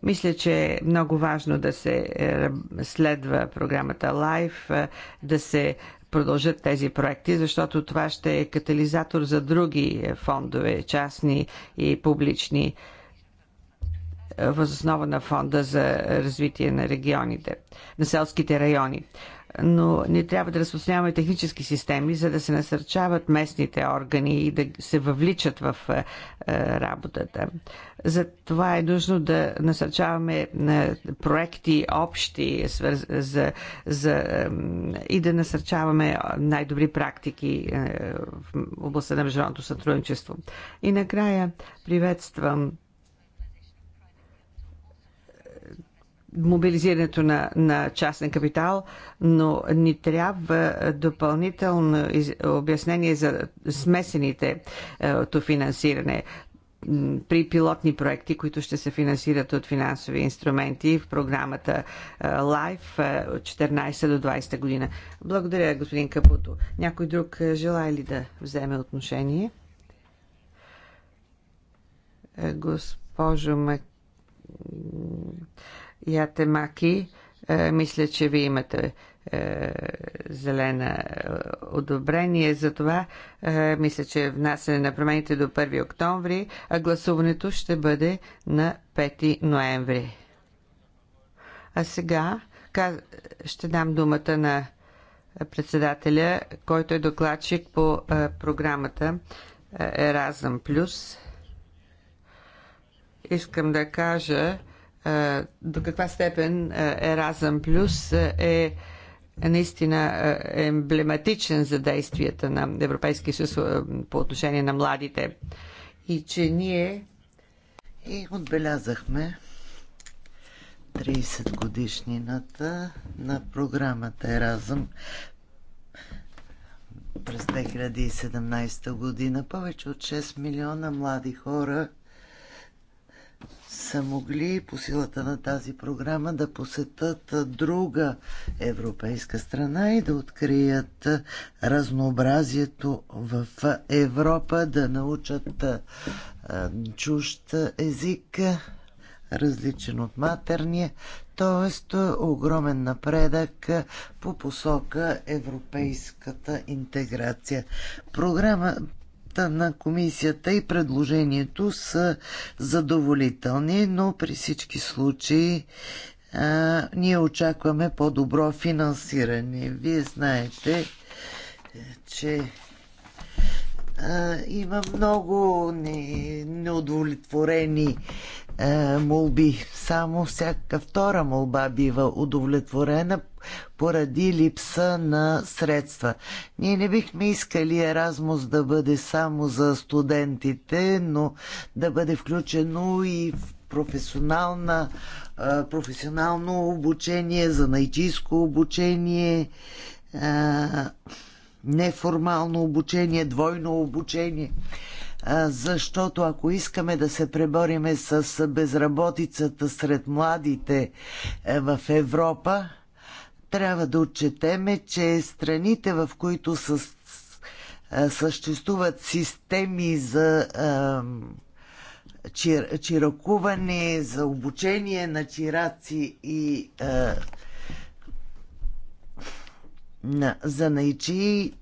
S4: Мисля, че е много важно да се следва програмата Life, да се продължат тези проекти, защото това ще е катализатор за други фондове, частни и публични, е, възоснова на фонда за развитие на регионите, на селските райони но не трябва да разпространяваме технически системи, за да се насърчават местните органи и да се въвличат в е, е, работата. За това е нужно да насърчаваме е, проекти общи за, за, и да насърчаваме най-добри практики в областта на международното сътрудничество. И накрая приветствам мобилизирането на, на частен капитал, но ни трябва допълнително из, обяснение за смесените е, то финансиране при пилотни проекти, които ще се финансират от финансови инструменти в програмата е, LIFE е, от 14 до 20 година. Благодаря, господин Капуто. Някой друг желая ли да вземе отношение? Госпожо Мак... Ятемаки, е, мисля, че ви имате е, зелена е, одобрение. За това мисля, че внасяне на промените до 1 октомври, а гласуването ще бъде на 5 ноември. А сега ще дам думата на председателя, който е докладчик по програмата Еразъм Плюс. Искам да кажа, до каква степен Еразъм Плюс е, е наистина емблематичен за действията на Европейския съюз по отношение на младите. И че ние.
S1: И отбелязахме 30 годишнината на програмата Еразъм през 2017 година. Повече от 6 милиона млади хора са могли по силата на тази програма да посетат друга европейска страна и да открият разнообразието в Европа, да научат чужд език, различен от матерния, т.е. огромен напредък по посока европейската интеграция. Програма, Проекта на комисията и предложението са задоволителни, но при всички случаи а, ние очакваме по-добро финансиране. Вие знаете, че а, има много не, неудовлетворени а, молби. Само всяка втора молба бива удовлетворена, поради липса на средства. Ние не бихме искали Еразмус да бъде само за студентите, но да бъде включено и в професионална, професионално обучение, за найчийско обучение, неформално обучение, двойно обучение защото ако искаме да се пребориме с безработицата сред младите е, в Европа, трябва да отчетеме, че страните, в които са, съществуват системи за чир, чиракуване, за обучение на чираци и а, на, за наичи,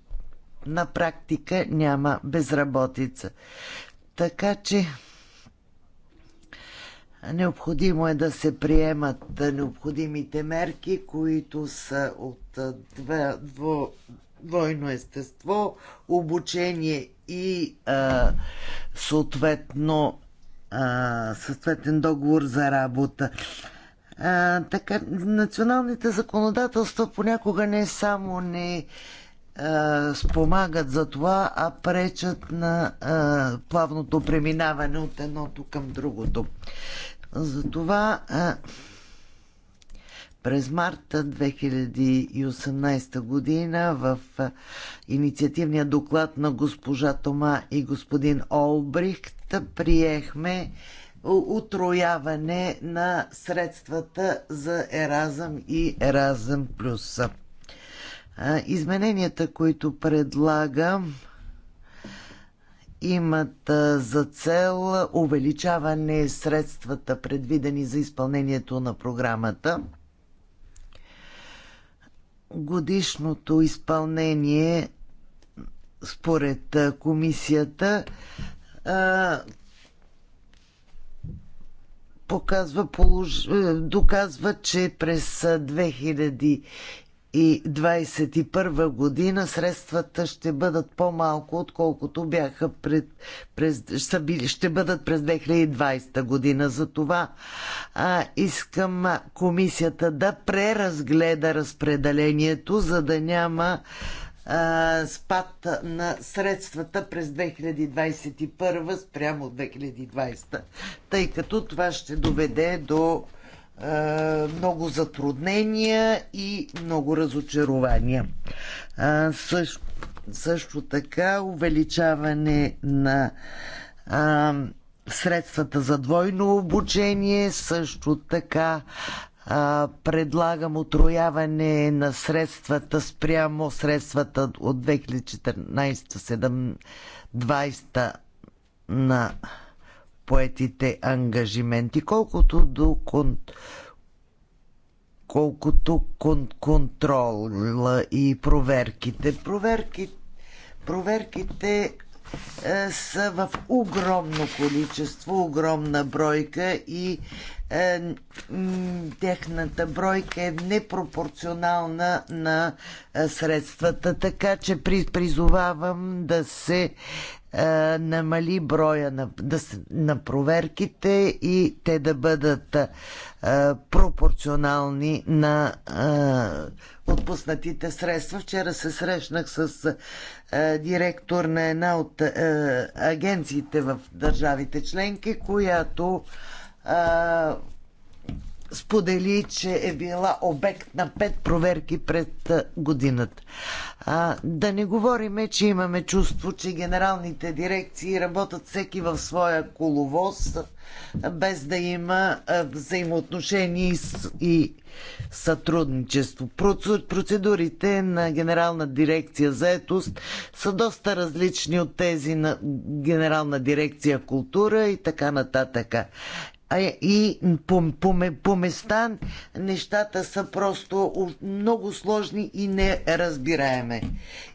S1: на практика няма безработица. Така че Необходимо е да се приемат необходимите мерки, които са от дво, двойно естество, обучение и а, съответно а, съответен договор за работа. А, така, националните законодателства понякога не само не а, спомагат за това, а пречат на а, плавното преминаване от едното към другото. Затова през марта 2018 година в инициативния доклад на госпожа Тома и господин Олбрихт приехме утрояване на средствата за Еразъм и Еразъм Плюс. Измененията, които предлагам, имат за цел увеличаване средствата, предвидени за изпълнението на програмата. Годишното изпълнение според комисията показва, е, доказва, че през 2021 година средствата ще бъдат по-малко, отколкото бяха пред, през, са били, ще бъдат през 2020 година. Затова а, искам комисията да преразгледа разпределението, за да няма а, спад на средствата през 2021 спрямо 2020, тъй като това ще доведе до е, много затруднения и много разочарования. също, също така увеличаване на а, средствата за двойно обучение, също така а, предлагам отрояване на средствата спрямо средствата от 2014-2020 на поетите ангажименти, колкото до кон... колкото кон... контрола и проверките. Проверки... Проверките е, са в огромно количество, огромна бройка и е, техната бройка е непропорционална на е, средствата, така че призовавам да се е, намали броя на, да, на проверките и те да бъдат а, е, пропорционални на а, е, отпуснатите средства. Вчера се срещнах с а, директор на една от а, агенциите в държавите членки, която а, сподели, че е била обект на пет проверки пред годината. А, да не говориме, че имаме чувство, че генералните дирекции работят всеки в своя коловоз, без да има взаимоотношения и сътрудничество. Процедурите на Генерална дирекция заетост са доста различни от тези на Генерална дирекция култура и така нататък и по, по, по места нещата са просто много сложни и неразбираеме.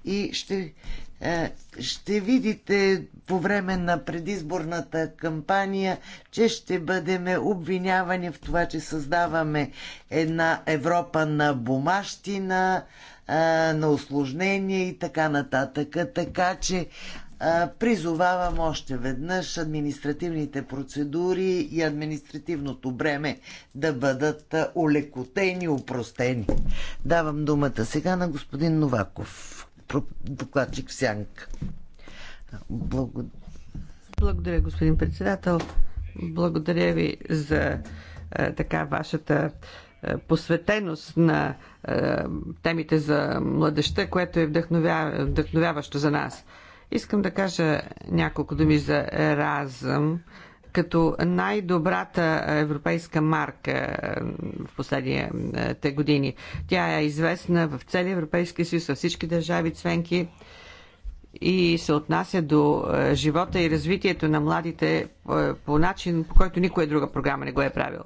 S1: И ще, е, ще видите по време на предизборната кампания, че ще бъдеме обвинявани в това, че създаваме една Европа на бумащина, е, на осложнение и така нататък. Така че Призовавам още веднъж административните процедури и административното бреме да бъдат олекотени, упростени. Давам думата сега на господин Новаков, докладчик в
S4: Сянка. Благодаря. Благодаря, господин председател. Благодаря ви за така вашата посветеност на темите за младеща, което е вдъхновя... вдъхновяващо за нас. Искам да кажа няколко думи за разъм като най-добрата европейска марка е, в последните е, години. Тя е известна в целия Европейски съюз, във всички държави членки и се отнася до е, живота и развитието на младите по начин, по който никоя друга програма не го е правила.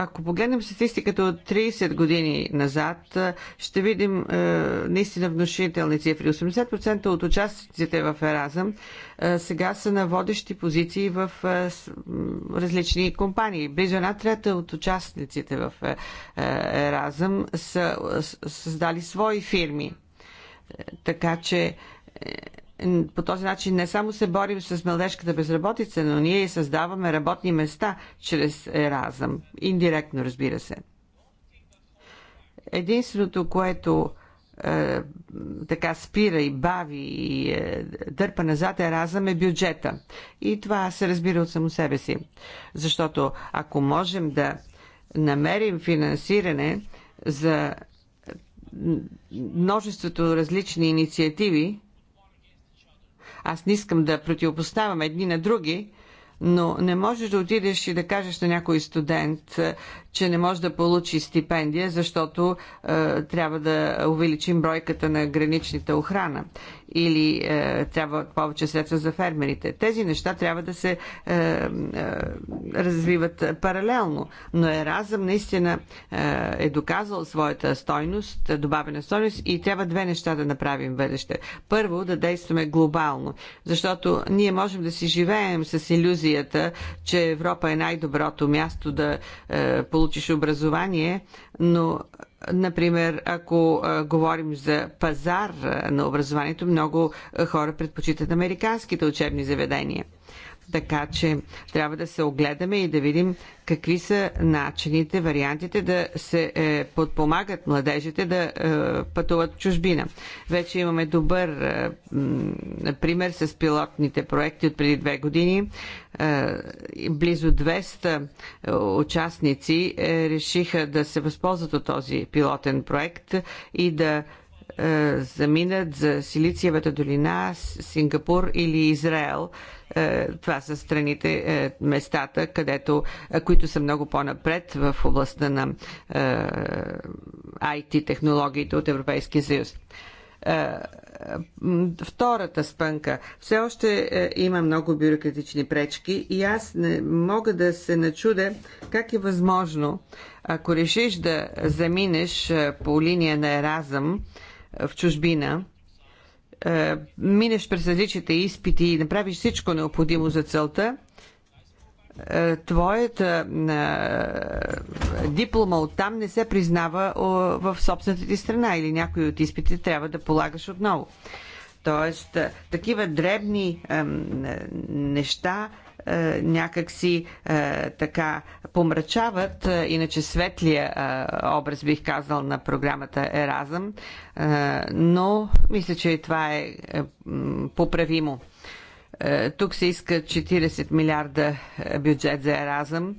S4: Ако погледнем статистиката от 30 години назад, е, ще видим е, наистина внушителни цифри. 80% от участниците в Еразъм е, сега са на водещи позиции в е, с, различни компании. Близо една трета от участниците в е, е Еразъм са създали свои фирми. Е, така че. Е, по този начин не само се борим с младежката безработица, но ние създаваме работни места чрез еразъм. Индиректно, разбира се. Единственото, което е, така спира и бави и е, дърпа назад еразъм е бюджета. И това се разбира от само себе си. Защото ако можем да намерим финансиране за множеството различни инициативи, аз не искам да противопоставям едни на други, но не можеш да отидеш и да кажеш на някой студент, е, че не може да получи стипендия, защото е, трябва да увеличим бройката на граничната охрана или е, трябва повече средства за фермерите. Тези неща трябва да се е, е, развиват паралелно. Но Еразъм наистина е, е доказал своята стойност, добавена стойност и трябва две неща да направим в бъдеще. Първо, да действаме глобално, защото ние можем да си живеем с иллюзията, че Европа е най-доброто място да е, получиш образование, но Например, ако а, говорим за пазар а, на образованието, много а, хора предпочитат американските учебни заведения – така че трябва да се огледаме и да видим какви са начините, вариантите да се е, подпомагат младежите да е, пътуват в чужбина. Вече имаме добър е, пример с пилотните проекти от преди две години. Е, близо 200 е, участници е, решиха да се възползват от този пилотен проект и да е, заминат за Силициевата долина, Сингапур или Израел. Е, това са страните, е, местата, където, които са много по-напред в областта на IT технологиите от Европейския съюз втората спънка. Все още има много бюрократични пречки и аз не мога да се начудя как е възможно, ако решиш да заминеш по линия на Еразъм, в чужбина, е, минеш през различните изпити и направиш всичко необходимо за целта, е, твоята е, диплома от там не се признава в собствената ти страна или някой от изпитите трябва да полагаш отново. Тоест, такива дребни неща е, някакси е, така помрачават, е, иначе светлия образ бих казал на програмата Еразъм, но мисля, че това е поправимо. Тук се иска 40 милиарда бюджет за Еразъм.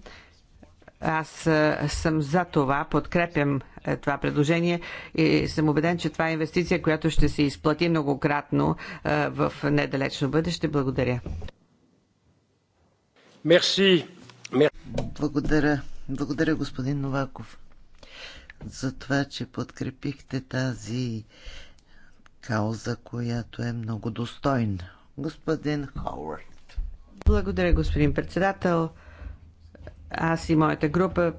S4: Аз съм за това, подкрепям това предложение и съм убеден, че това е инвестиция, която ще се изплати многократно в недалечно бъдеще. Благодаря.
S2: Мерси.
S1: Благодаря. Благодаря, господин Новаков, за това, че подкрепихте тази кауза, която е много достойна.
S4: Господин Ховард. Благодаря, господин председател. Аз и моята група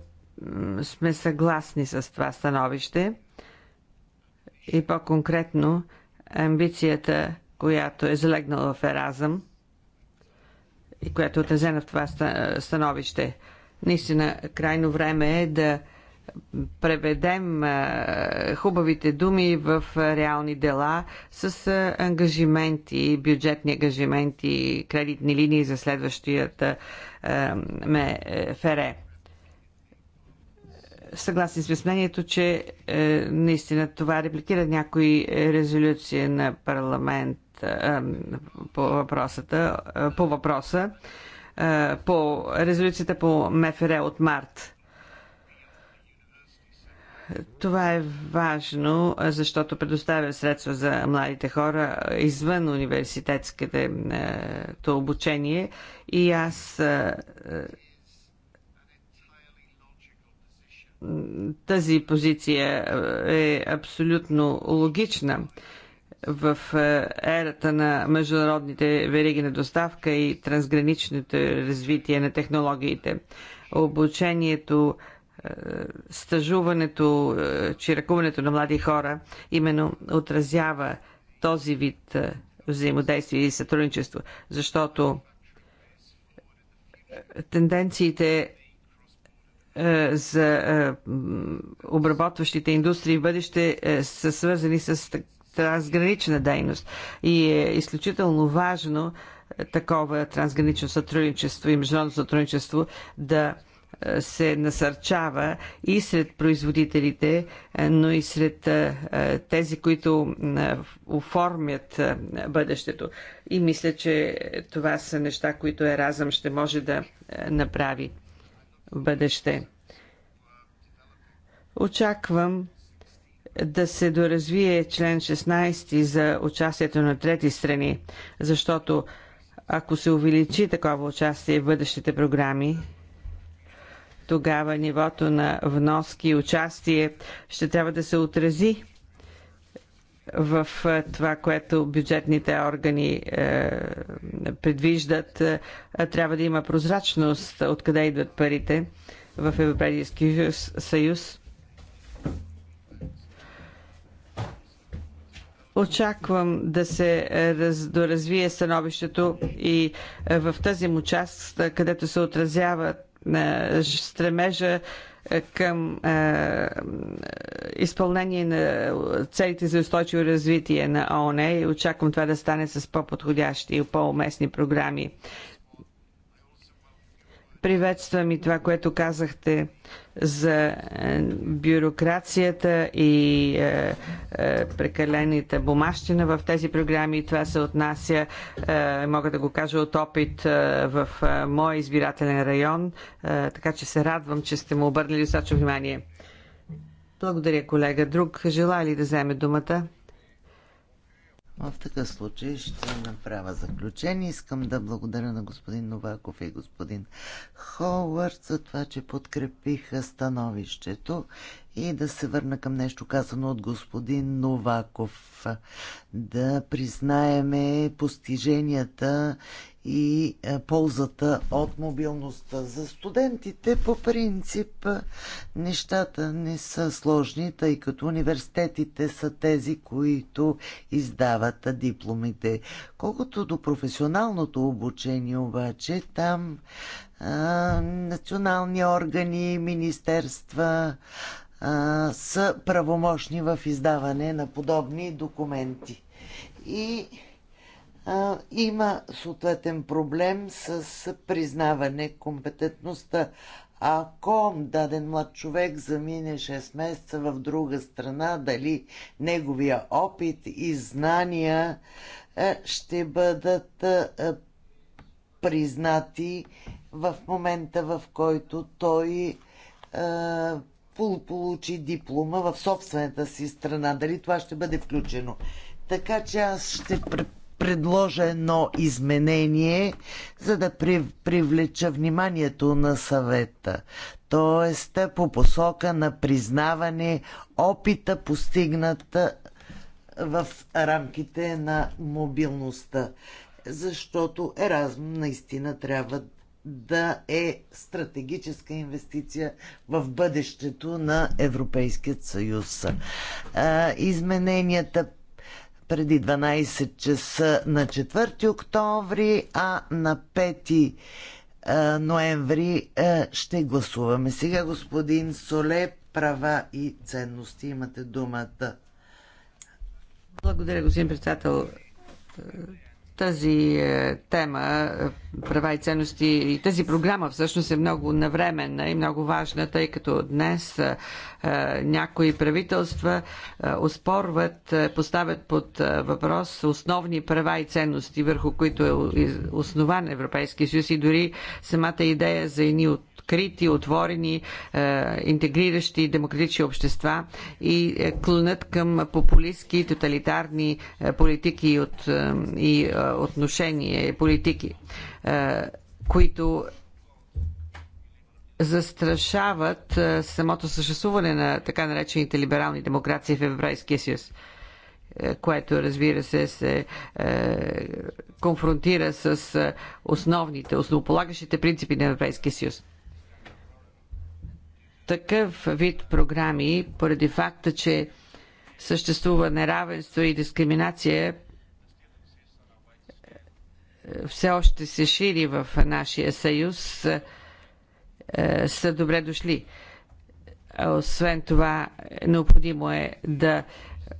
S4: сме съгласни с това становище и по-конкретно амбицията, която е залегнала в Еразъм и която е отразена в това становище. Наистина, крайно време е да преведем хубавите думи в реални дела с ангажименти, бюджетни ангажименти, кредитни линии за следващията МФР. Е, Съгласен с мнението, че е, наистина това репликира някои резолюции на парламент е, по, въпросата, е, по въпроса е, по резолюцията по МФР от март. Това е важно, защото предоставя средства за младите хора извън то обучение и аз тази позиция е абсолютно логична в е, ерата на международните вериги на доставка и трансграничното развитие на технологиите. Обучението, е, стажуването, е, чиракуването на млади хора именно отразява този вид взаимодействие и сътрудничество, защото тенденциите за обработващите индустрии в бъдеще са свързани с трансгранична дейност и е изключително важно е, такова трансгранично сътрудничество и международно сътрудничество да е, се насърчава и сред производителите, е, но и сред тези, които оформят бъдещето. И мисля, че това са неща, които Еразъм ще може да направи в бъдеще. Очаквам да се доразвие член 16 за участието на трети страни, защото ако се увеличи такова участие в бъдещите програми, тогава нивото на вноски и участие ще трябва да се отрази в това, което бюджетните органи е, предвиждат. Трябва да има прозрачност откъде идват парите в Европейския съюз Очаквам да се раз, доразвие становището и е, в тази му част, е, където се отразява е, стремежа към е, изпълнение на целите за устойчиво развитие на ООН и очаквам това да стане с по-подходящи и по-уместни програми. Приветствам и това, което казахте за е, бюрокрацията и е, е, прекалените бумащина в тези програми. Това се отнася, е, мога да го кажа от опит е, в е, моя избирателен район, така че се радвам, че сте му обърнали достатъчно внимание. Благодаря, колега. Друг желая ли да вземе думата?
S1: В такъв случай ще направя заключение. Искам да благодаря на господин Новаков и господин Холвард за това, че подкрепиха становището и да се върна към нещо казано от господин Новаков. Да признаеме постиженията и е, ползата от мобилността. За студентите по принцип е, нещата не са сложни, тъй като университетите са тези, които издават дипломите. Колкото до професионалното обучение обаче, там а, е, национални органи, министерства, са правомощни в издаване на подобни документи. И а, има съответен проблем с признаване компетентността. Ако даден млад човек замине 6 месеца в друга страна, дали неговия опит и знания е, ще бъдат е, признати в момента, в който той е, получи диплома в собствената си страна. Дали това ще бъде включено? Така че аз ще предложа едно изменение, за да привлеча вниманието на съвета. Тоест по посока на признаване опита постигната в рамките на мобилността. Защото Еразм наистина трябва да е стратегическа инвестиция в бъдещето на Европейският съюз. Измененията преди 12 часа на 4 октомври, а на 5 ноември ще гласуваме. Сега господин Соле, права и ценности. Имате думата.
S4: Благодаря, господин председател. Тази е, тема, е, права и ценности, и тази програма всъщност е много навременна и много важна, тъй като днес е, някои правителства оспорват, поставят под въпрос основни права и ценности, върху които е основан Европейския съюз и дори самата идея за едни от открити, отворени, е, интегриращи демократични общества и е, клонат към популистски тоталитарни е, политики от, и отношения, политики, които застрашават самото съществуване на така наречените либерални демокрации в Европейския съюз което разбира се се е, конфронтира с основните, основополагащите принципи на Европейския съюз такъв вид програми, поради факта, че съществува неравенство и дискриминация, е, все още се шири в нашия съюз, е, са добре дошли. Освен това, необходимо е да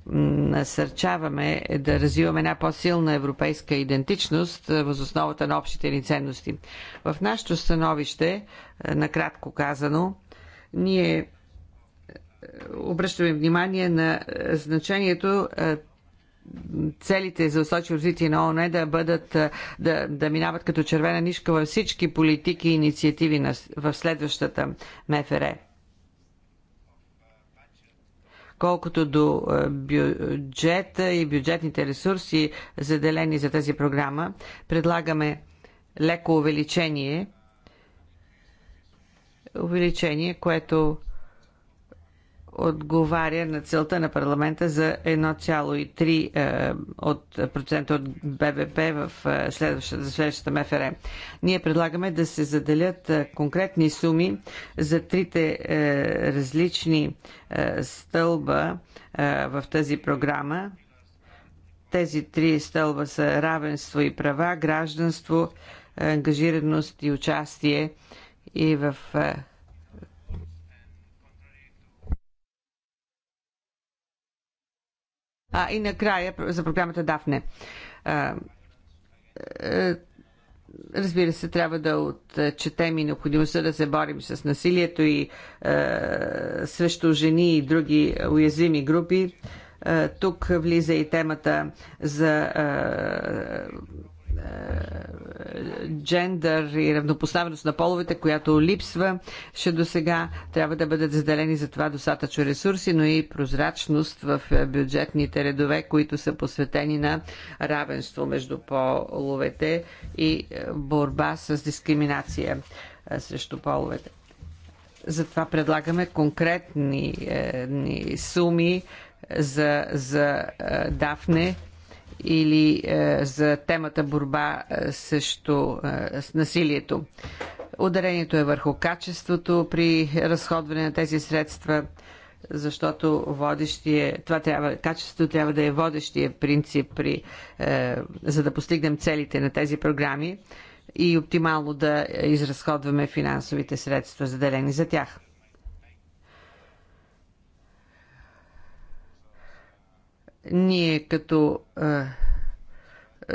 S4: насърчаваме да развиваме една по-силна европейска идентичност е, въз основата на общите ни ценности. В нашето становище, накратко казано, ние е, обръщаме внимание на е, значението е, целите за устойчиво развитие на ООН да бъдат, да, да минават като червена нишка във всички политики и инициативи на, в следващата МФР. Колкото до бюджета и бюджетните ресурси, заделени за тази програма, предлагаме леко увеличение – увеличение, което отговаря на целта на парламента за 1,3% е, от, процента от БВП в е, следващата, за следващата МФР. Ние предлагаме да се заделят е, конкретни суми за трите различни стълба в тази програма. Тези три стълба са равенство и права, гражданство, ангажираност и участие и в е, А, и накрая за програмата Дафне. А, е, е, разбира се, трябва да отчетем и необходимостта да се борим с насилието и а, срещу жени и други уязвими групи. А, тук влиза и темата за а, джендър и равнопоставеност на половете, която липсва ще до сега. Трябва да бъдат заделени за това достатъчно ресурси, но и прозрачност в е, бюджетните редове, които са посветени на равенство между половете и е, борба с дискриминация е, срещу половете. Затова предлагаме конкретни е, суми за, за е, Дафне или е, за темата борба е, срещу е, насилието. Ударението е върху качеството при разходване на тези средства, защото водещие, това трябва, качеството трябва да е водещия принцип, при, е, за да постигнем целите на тези програми и оптимално да изразходваме финансовите средства, заделени за тях. Ние като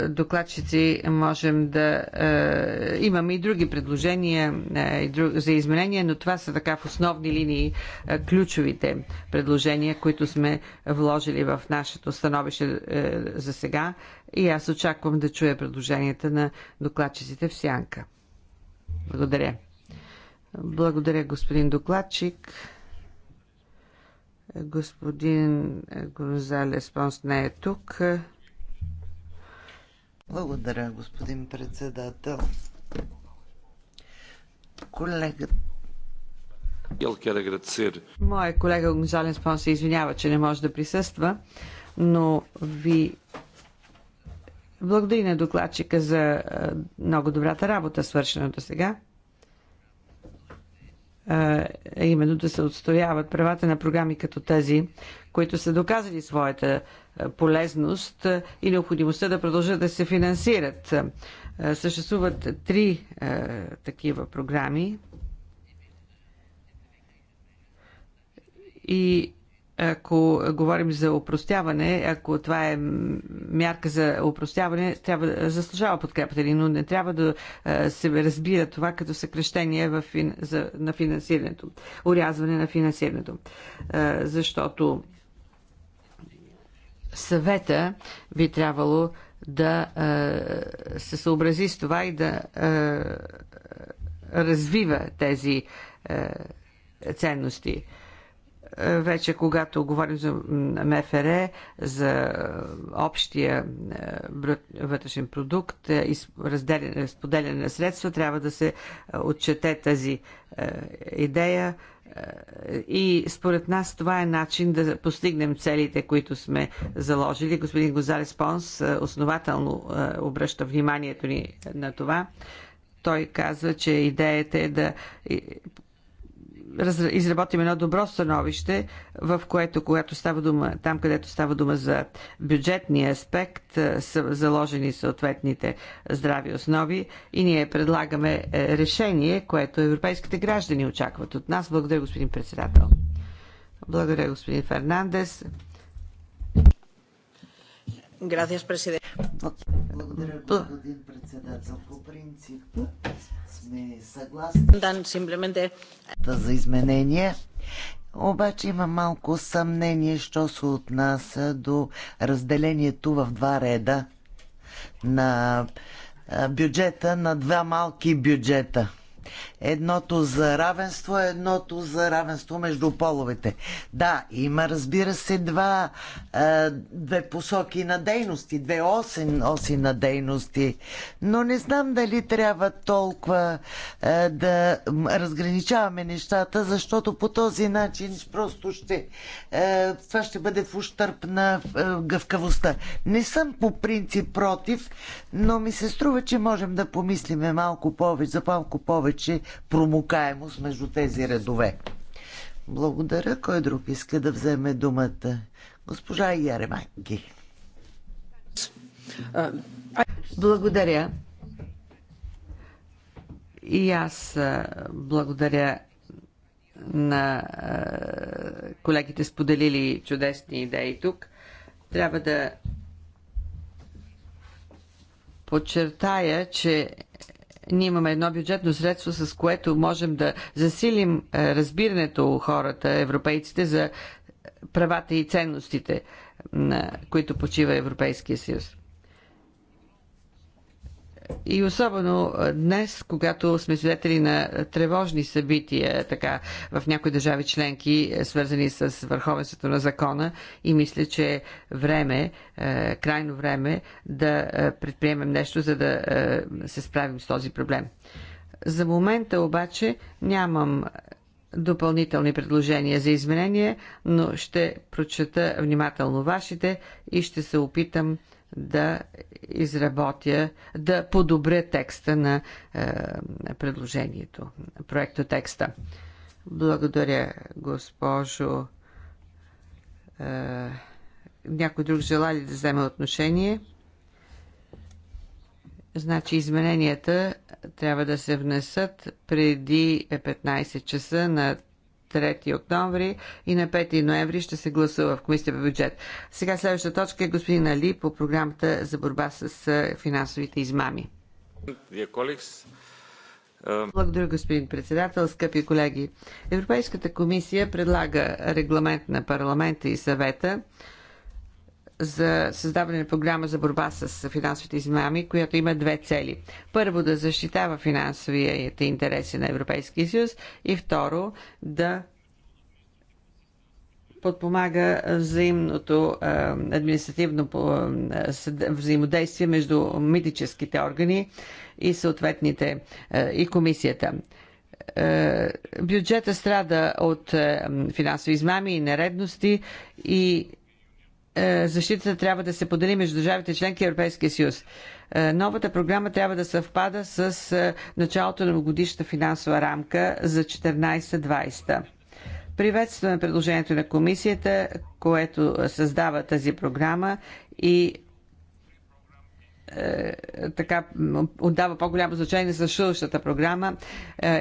S4: докладчици можем да... Е, имаме и други предложения е, за изменения, но това са така в основни линии е, ключовите предложения, които сме вложили в нашето становище е, за сега. И аз очаквам да чуя предложенията на докладчиците в Сянка. Благодаря. Благодаря, господин докладчик. Господин Гонзалес Понс не е тук.
S1: Благодаря, господин
S4: председател. Колега. Моя колега Гонзален Спон се извинява, че не може да присъства, но ви благодаря на докладчика за много добрата работа, свършена до сега именно да се отстояват правата на програми като тези, които са доказали своята полезност и необходимостта да продължат да се финансират. Съществуват три такива програми и ако говорим за опростяване, ако това е мярка за опростяване, трябва да заслужава подкрепата ли, но не трябва да се разбира това като съкрещение в, за, на финансирането, урязване на финансирането. Защото съвета би трябвало да се съобрази с това и да развива тези ценности вече когато говорим за МФР, за общия вътрешен продукт е, и разделяне на средства, трябва да се отчете тази идея. И според нас това е начин да постигнем целите, които сме заложили. Господин Гозалес Понс основателно обръща вниманието ни на това той казва, че идеята е да изработим едно добро становище, в което, когато става дума, там където става дума за бюджетния аспект, е, са заложени съответните здрави основи и ние предлагаме е, решение, което европейските граждани очакват от нас. Благодаря, господин председател. Благодаря, господин Фернандес.
S3: Благодаря, господин
S4: председател.
S1: По принцип сме
S3: съгласни
S1: за изменения. Обаче има малко съмнение, що се отнася до разделението в два реда на бюджета на два малки бюджета едното за равенство, едното за равенство между половете. Да, има разбира се два, е, две посоки на дейности, две оси, оси на дейности, но не знам дали трябва толкова е, да разграничаваме нещата, защото по този начин просто ще е, това ще бъде в ущърп на гъвкавостта. Не съм по принцип против, но ми се струва, че можем да помислиме малко повече, за малко повече повече промокаемост между тези редове. Благодаря. Кой друг иска да вземе думата? Госпожа
S4: Яреманки. Благодаря. И аз благодаря на колегите споделили чудесни идеи тук. Трябва да подчертая, че ние имаме едно бюджетно средство, с което можем да засилим е, разбирането у хората, европейците, за правата и ценностите, на които почива Европейския съюз. И особено днес, когато сме свидетели на тревожни събития така, в някои държави членки, е, свързани с върховенството на закона, и мисля, че е време, крайно време, да е, предприемем нещо, за да е, се справим с този проблем. За момента обаче нямам допълнителни предложения за изменение, но ще прочета внимателно вашите и ще се опитам да изработя, да подобря текста на е, предложението, проекто текста. Благодаря, госпожо. Е, някой друг желая ли да вземе отношение? Значи измененията трябва да се внесат преди 15 часа на 3 октомври и на 5 ноември ще се гласува в Комисията по бюджет. Сега следващата точка е господин Али по програмата за борба с финансовите измами. Благодаря, господин председател. Скъпи колеги, Европейската комисия предлага регламент на парламента и съвета за създаване на програма за борба с финансовите измами, която има две цели. Първо, да защитава финансовите интереси на Европейския съюз и второ, да подпомага взаимното административно взаимодействие между митическите органи и съответните и комисията бюджета страда от финансови измами и нередности и е, защитата трябва да се подели между държавите членки и Европейския съюз. Е, новата програма трябва да съвпада с е, началото на годишната финансова рамка за 14-20. Приветстваме предложението на комисията, което създава тази програма и така отдава по-голямо значение за същата програма,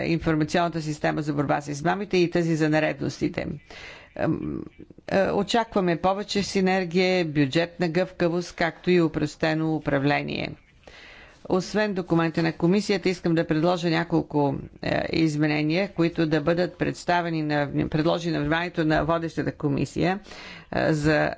S4: информационната система за борба с измамите и тази за наредностите. Е, очакваме повече синергия, бюджетна гъвкавост, както и упростено управление. Освен документа на комисията, искам да предложа няколко е, изменения, които да бъдат представени на, предложени на вниманието на водещата комисия е, за е,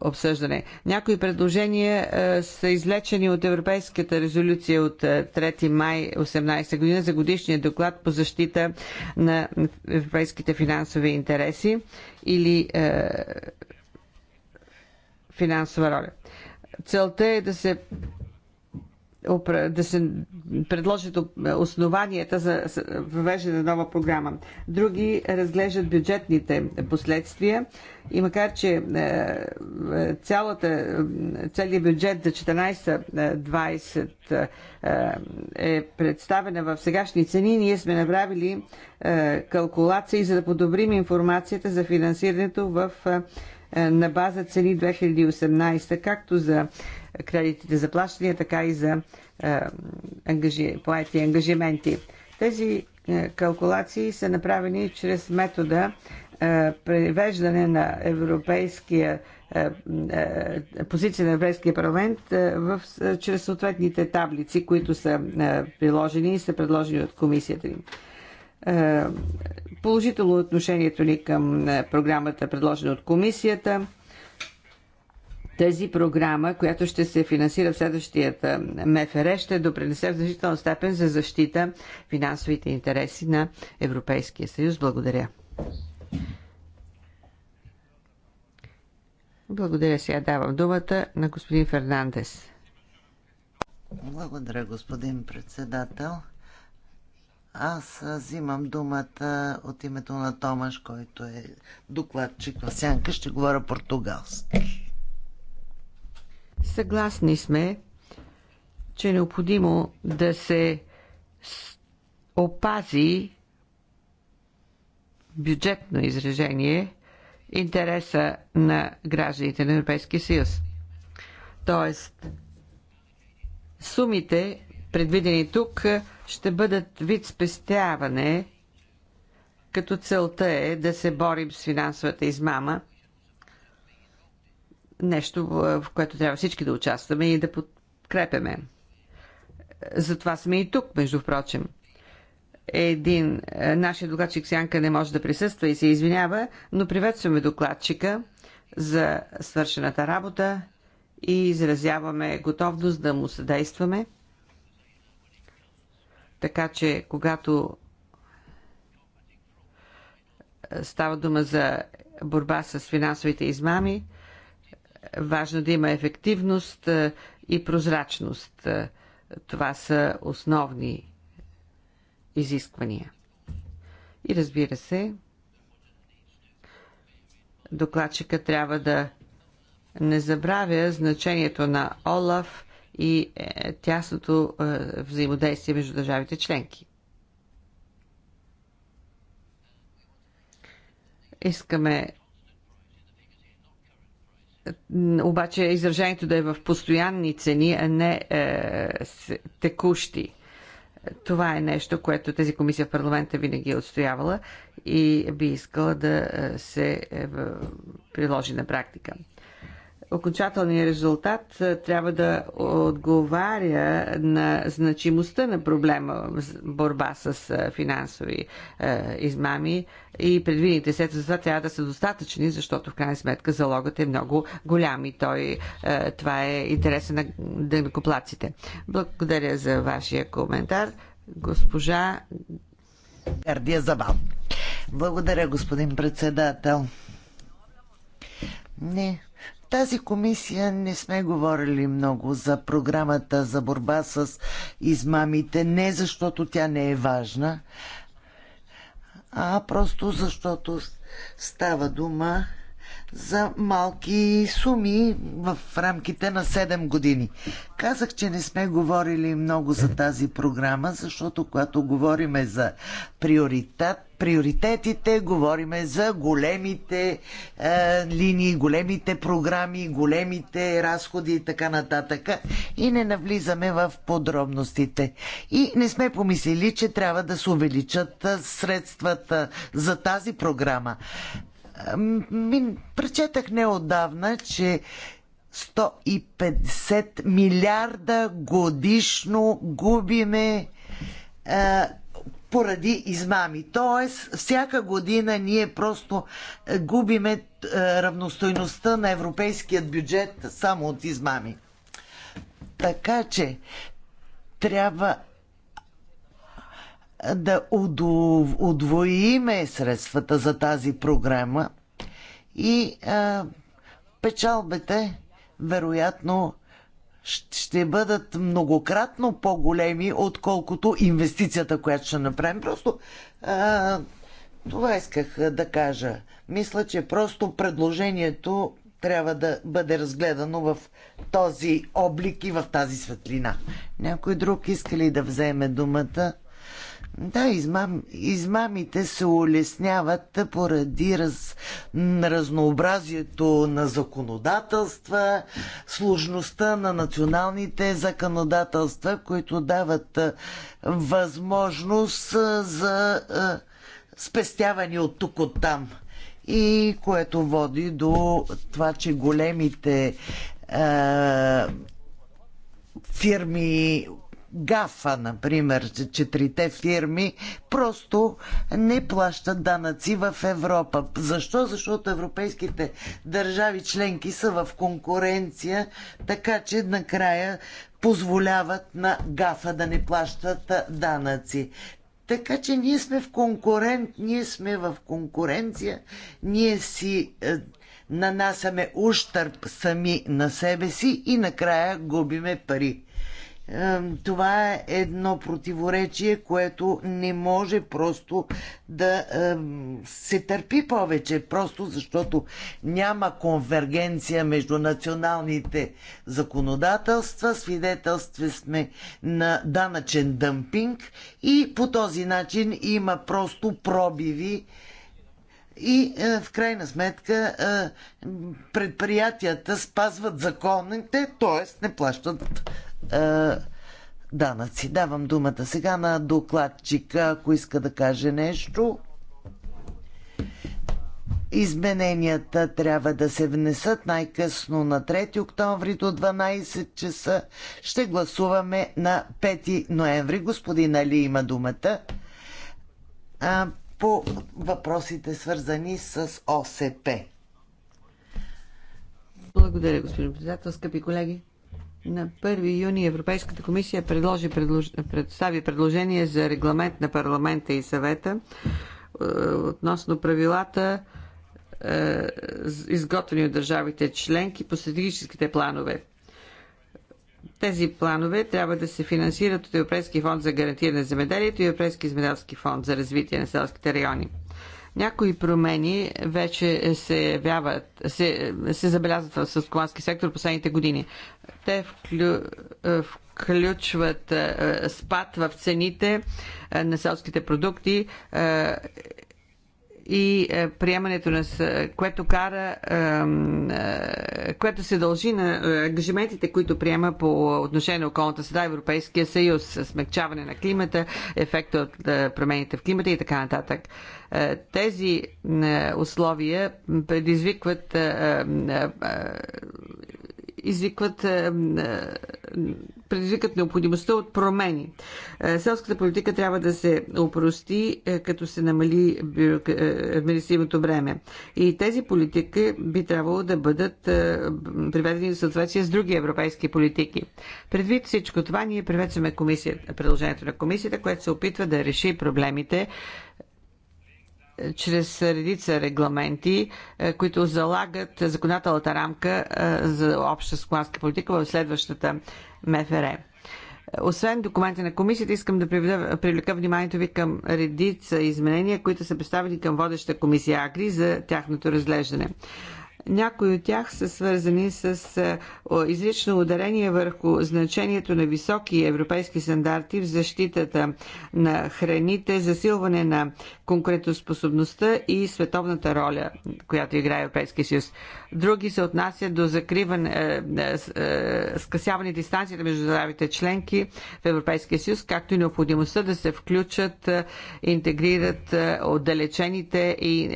S4: обсъждане. Някои предложения е, са излечени от Европейската резолюция от 3 е, май 18 година за годишния доклад по защита на европейските финансови интереси или е, финансова роля. Целта е да се да се предложат основанията за въвеждане на нова програма. Други разглеждат бюджетните последствия и макар, че е, е, цялата, целият бюджет за 14-20 е, е представена в сегашни цени, ние сме направили калкулации, за да подобрим информацията за финансирането в на база цени 2018, както за кредитите за плащания, така и за е, ангажи... поети ангажименти. Тези е, калкулации са направени чрез метода е, превеждане на европейския позиция на Европейския парламент в, чрез съответните таблици, които са приложени и са предложени от комисията им. Положително отношението ни към програмата, предложена от комисията – тази програма, която ще се финансира в следващия МФР, ще допринесе в значителна степен за защита финансовите интереси на Европейския съюз. Благодаря. Благодаря. Сега давам думата на господин Фернандес.
S1: Благодаря, господин председател. Аз взимам думата от името на Томаш, който е докладчик в Сянка. Ще говоря португалски.
S4: Съгласни сме, че е необходимо да се опази бюджетно изражение интереса на гражданите на Европейския съюз. Тоест, сумите, предвидени тук, ще бъдат вид спестяване, като целта е да се борим с финансовата измама – нещо, в което трябва всички да участваме и да подкрепяме. Затова сме и тук, между прочим. Един, е, нашия докладчик Сянка не може да присъства и се извинява, но приветстваме докладчика за свършената работа и изразяваме готовност да му съдействаме. Така че, когато е, става дума за борба с финансовите измами, важно да има ефективност е, и прозрачност. Е, това са основни изисквания. И разбира се, докладчика трябва да не забравя значението на ОЛАФ и е, тясното взаимодействие между държавите членки. Искаме обаче изражението да е в постоянни цени, а не е, текущи. Това е нещо, което тази комисия в парламента винаги е отстоявала и би искала да е, се е, приложи на практика окончателният резултат е, трябва да отговаря на значимостта на проблема борба с е, финансови е, измами и предвидените средства за това трябва да са достатъчни, защото в крайна сметка залогът е много голям и той, това е интереса на дънкоплаците. Благодаря за вашия коментар. Госпожа Гардия Забал.
S1: Благодаря, господин председател. Не, тази комисия не сме говорили много за програмата за борба с измамите, не защото тя не е важна, а просто защото става дума за малки суми в рамките на 7 години. Казах, че не сме говорили много за тази програма, защото когато говориме за приоритет, приоритетите, говориме за големите е, линии, големите програми, големите разходи и така нататък. И не навлизаме в подробностите. И не сме помислили, че трябва да се увеличат е, средствата за тази програма. Прочетах неодавна, че 150 милиарда годишно губиме а, поради измами. Тоест, всяка година ние просто губиме а, равностойността на европейският бюджет само от измами. Така че трябва да удвоиме средствата за тази програма и а, печалбите вероятно ще бъдат многократно по-големи, отколкото инвестицията, която ще направим. Просто а, това исках да кажа. Мисля, че просто предложението трябва да бъде разгледано в този облик и в тази светлина. Някой друг иска ли да вземе думата? Да, измам, измамите се улесняват поради раз, разнообразието на законодателства, сложността на националните законодателства, които дават възможност за спестяване от тук от там. И което води до това, че големите фирми ГАФА, например, четирите фирми, просто не плащат данъци в Европа. Защо? Защото европейските държави членки са в конкуренция, така че накрая позволяват на ГАФА да не плащат данъци. Така че ние сме в конкурент, ние сме в конкуренция, ние си е, нанасяме ущърп сами на себе си и накрая губиме пари това е едно противоречие, което не може просто да се търпи повече, просто защото няма конвергенция между националните законодателства, Свидетелстве сме на данъчен дъмпинг и по този начин има просто пробиви и е, в крайна сметка е, предприятията спазват законите, т.е. не плащат е, данъци. Давам думата сега на докладчика, ако иска да каже нещо. Измененията трябва да се внесат най-късно на 3 октомври до 12 часа. Ще гласуваме на 5 ноември. Господин Али има думата. А, по въпросите свързани с ОСП.
S4: Благодаря, господин председател, скъпи колеги. На 1 юни Европейската комисия предложи, предлож... представи предложение за регламент на парламента и съвета е, относно правилата е, изготвени от държавите членки по стратегическите планове. Тези планове трябва да се финансират от Европейския фонд за гарантиране на земеделието и Европейския земеделски фонд за развитие на селските райони. Някои промени вече се, явяват, се, се забелязват в селскомански сектор последните години. Те вклю, е, включват е, спад в цените е, на селските продукти и е, приемането на което кара, е, което се дължи на е, ангажиментите, които приема по отношение на околната среда Европейския съюз, смягчаване на климата, ефекта от промените в климата и така нататък. Тези условия предизвикват извикват, е, е, предизвикат необходимостта от промени. Е, селската политика трябва да се опрости, като се намали административното време. И тези политики би трябвало да бъдат приведени в съответствие с други европейски политики. Предвид всичко това, ние приветстваме комисията, предложението на комисията, което се опитва да реши проблемите чрез редица регламенти, е, които залагат законодателната рамка е, за обща скланска политика в следващата МФР. Освен документи на комисията, искам да привлека вниманието ви към редица изменения, които са представени към водеща комисия Агри за тяхното разглеждане. Някои от тях са свързани с е, изрично ударение върху значението на високи европейски стандарти в защитата на храните, засилване на конкурентоспособността и световната роля, която играе Европейския съюз. Други се отнасят до закриване, е, е, е, скъсяване дистанцията между здравите членки в Европейския съюз, както и необходимостта да се включат, интегрират отдалечените и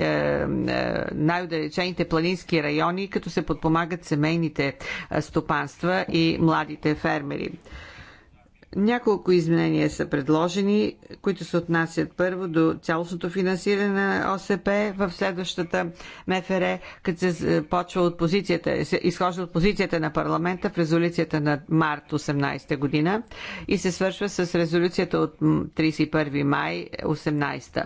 S4: най-отдалечените планински райони, като се подпомагат семейните стопанства и младите фермери. Няколко изменения са предложени, които се отнасят първо до цялостното финансиране на ОСП в следващата МФР, като се почва от позицията, се изхожда от позицията на парламента в резолюцията на март 18 година и се свършва с резолюцията от 31 май 18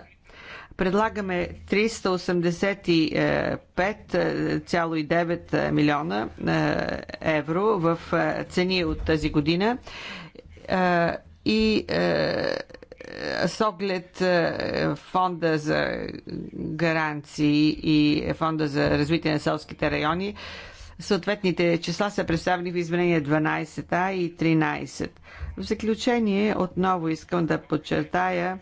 S4: предлагаме 385,9 милиона е, евро в е, цени от тази година и с оглед фонда за гаранции и фонда за развитие на селските райони, съответните числа са представени в изменение 12 и 13. В заключение отново искам да подчертая,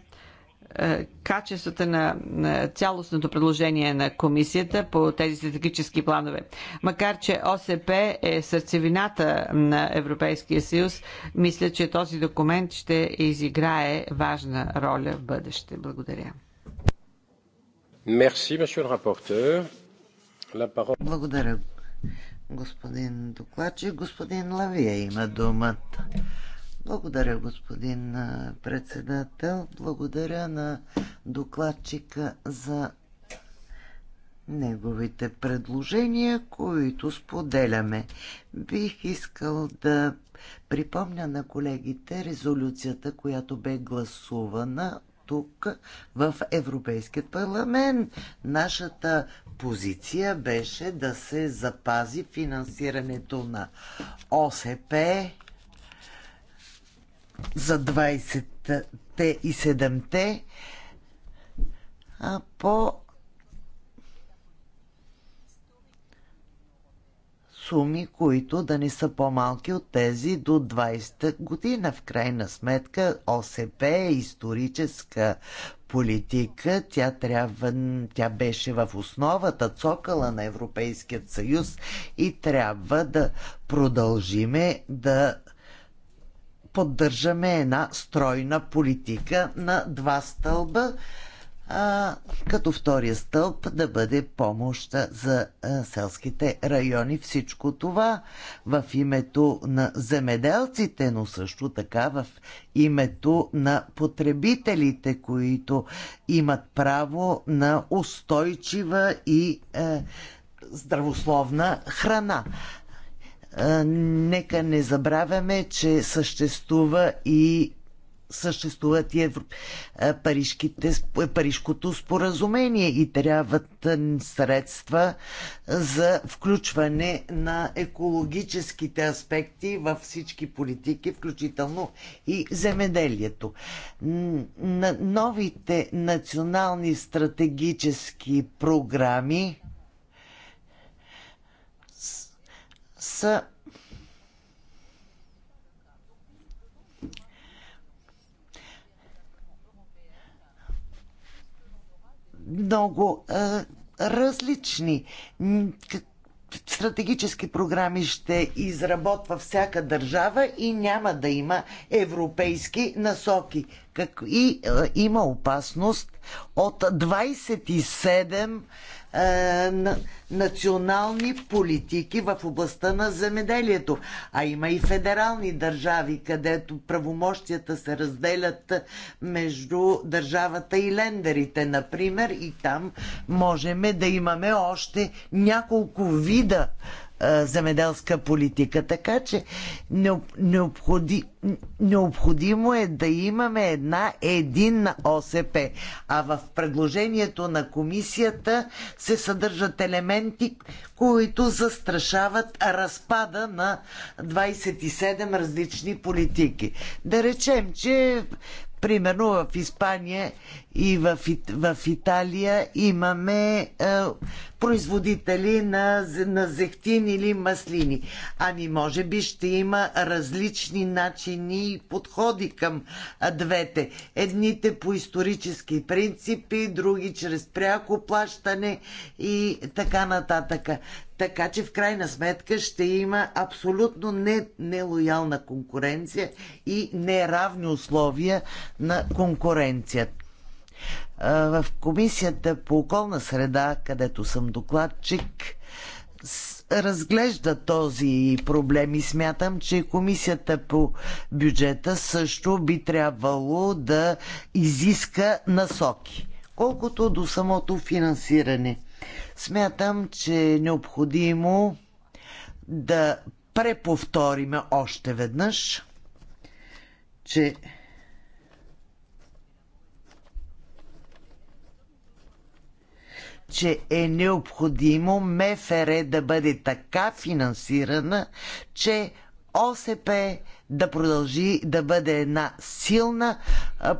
S4: е, качествата на, на цялостното предложение на комисията по тези стратегически планове. Макар, че ОСП е сърцевината на Европейския съюз, мисля, че този документ ще изиграе важна роля в бъдеще. Благодаря.
S2: Merci, parole... Благодаря, господин
S1: докладчик. Господин Лавия има думата. Благодаря, господин председател. Благодаря на докладчика за неговите предложения, които споделяме. Бих искал да припомня на колегите резолюцията, която бе гласувана тук в Европейския парламент. Нашата позиция беше да се запази финансирането на ОСП за 20-те и 7-те по суми, които да не са по-малки от тези до 20-та година. В крайна сметка ОСП е историческа политика. Тя, трябва, тя беше в основата, цокала на Европейският съюз и трябва да продължиме да поддържаме една стройна политика на два стълба, а, като втория стълб да бъде помощ за а, селските райони. Всичко това в името на земеделците, но също така в името на потребителите, които имат право на устойчива и а, е, здравословна храна нека не забравяме, че съществува и съществуват и евро... парижките... парижкото споразумение и трябват средства за включване на екологическите аспекти във всички политики, включително и земеделието. На новите национални стратегически програми са много а, е, различни. Стратегически програми ще изработва всяка държава и няма да има европейски насоки. Как и а, е, има опасност от 27 е, национални политики в областта на земеделието. А има и федерални държави, където правомощията се разделят между държавата и лендерите, например, и там можем да имаме още няколко вида земеделска политика. Така че необходи, необходимо е да имаме една единна ОСП. А в предложението на комисията се съдържат елементи, които застрашават разпада на 27 различни политики. Да речем, че примерно в Испания и в, в Италия имаме е, производители на, на зехтин или маслини. Ами може би ще има различни начини и подходи към двете. Едните по исторически принципи, други чрез пряко плащане и така нататък. Така че в крайна сметка ще има абсолютно не, нелоялна конкуренция и неравни условия на конкуренцията. В Комисията по околна среда, където съм докладчик, разглежда този проблем и смятам, че комисията по бюджета също би трябвало да изиска насоки. Колкото до самото финансиране. Смятам, че е необходимо да преповториме още веднъж, че че е необходимо МФР да бъде така финансирана, че ОСП да продължи да бъде една силна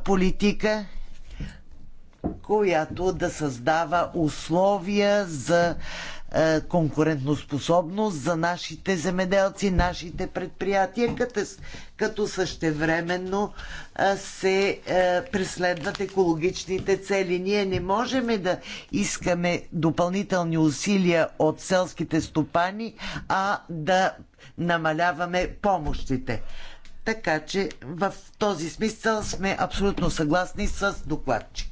S1: политика която да създава условия за е, конкурентоспособност за нашите земеделци, нашите предприятия, като, като същевременно е, се е, преследват екологичните цели. Ние не можем да искаме допълнителни усилия от селските стопани, а да намаляваме помощите. Така че в този смисъл сме абсолютно съгласни с докладчик.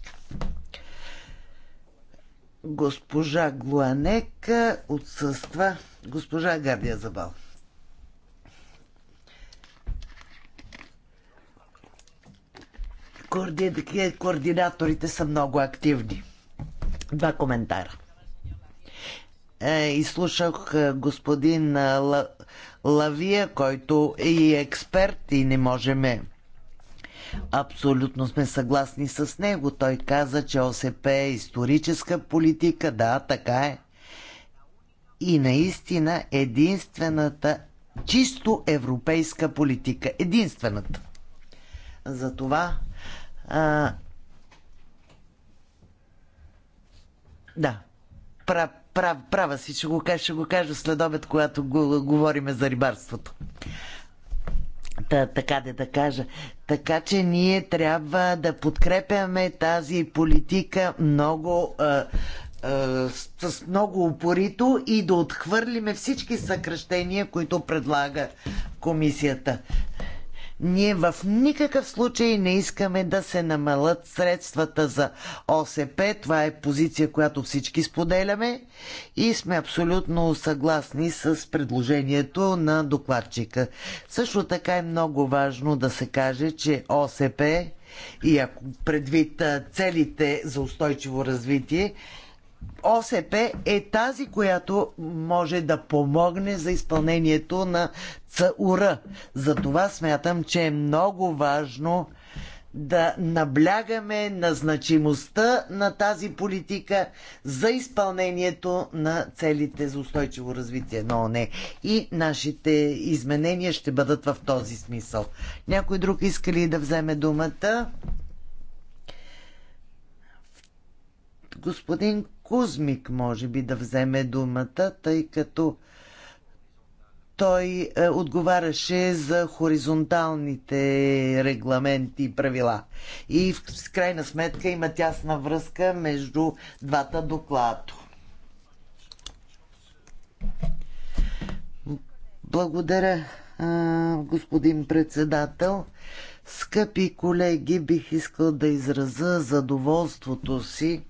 S1: Госпожа Глуанек отсъства. Госпожа Гардия Забал. Координаторите са много активни. Два коментара. Е, изслушах господин Лавия, който е и експерт и не можеме Абсолютно сме съгласни с него. Той каза, че ОСП е историческа политика. Да, така е. И наистина единствената чисто европейска политика. Единствената. Затова а, да, прав, прав, права си, ще го, кажа, ще го кажа след обед, когато го, говориме за рибарството. Та, така да, да кажа. Така че ние трябва да подкрепяме тази политика много а, а, с много упорито и да отхвърлиме всички съкръщения, които предлага комисията. Ние в никакъв случай не искаме да се намалят средствата за ОСП. Това е позиция, която всички споделяме и сме абсолютно съгласни с предложението на докладчика. Също така е много важно да се каже, че ОСП и ако предвид целите за устойчиво развитие, ОСП е тази, която може да помогне за изпълнението на ЦУР. Затова смятам, че е много важно да наблягаме на значимостта на тази политика за изпълнението на целите за устойчиво развитие на ОНЕ. И нашите изменения ще бъдат в този смисъл. Някой друг иска ли да вземе думата? Господин Кузмик може би да вземе думата, тъй като той е, отговаряше за хоризонталните регламенти и правила. И в, крайна сметка има тясна връзка между двата доклада. Благодаря, господин председател. Скъпи колеги, бих искал да израза задоволството си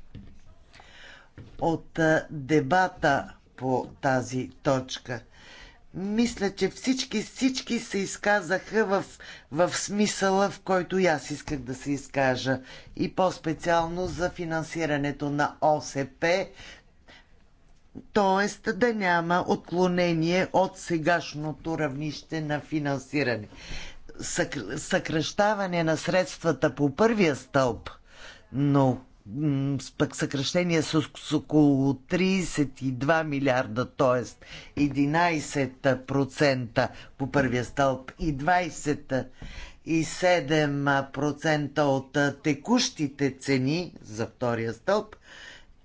S1: от дебата по тази точка. Мисля, че всички, всички се изказаха в, в смисъла, в който и аз исках да се изкажа. И по-специално за финансирането на ОСП, т.е. да няма отклонение от сегашното равнище на финансиране. съкръщаване на средствата по първия стълб, но пък съкръщение с, с около 32 милиарда, т.е. 11% по първия стълб и 27% от текущите цени за втория стълб,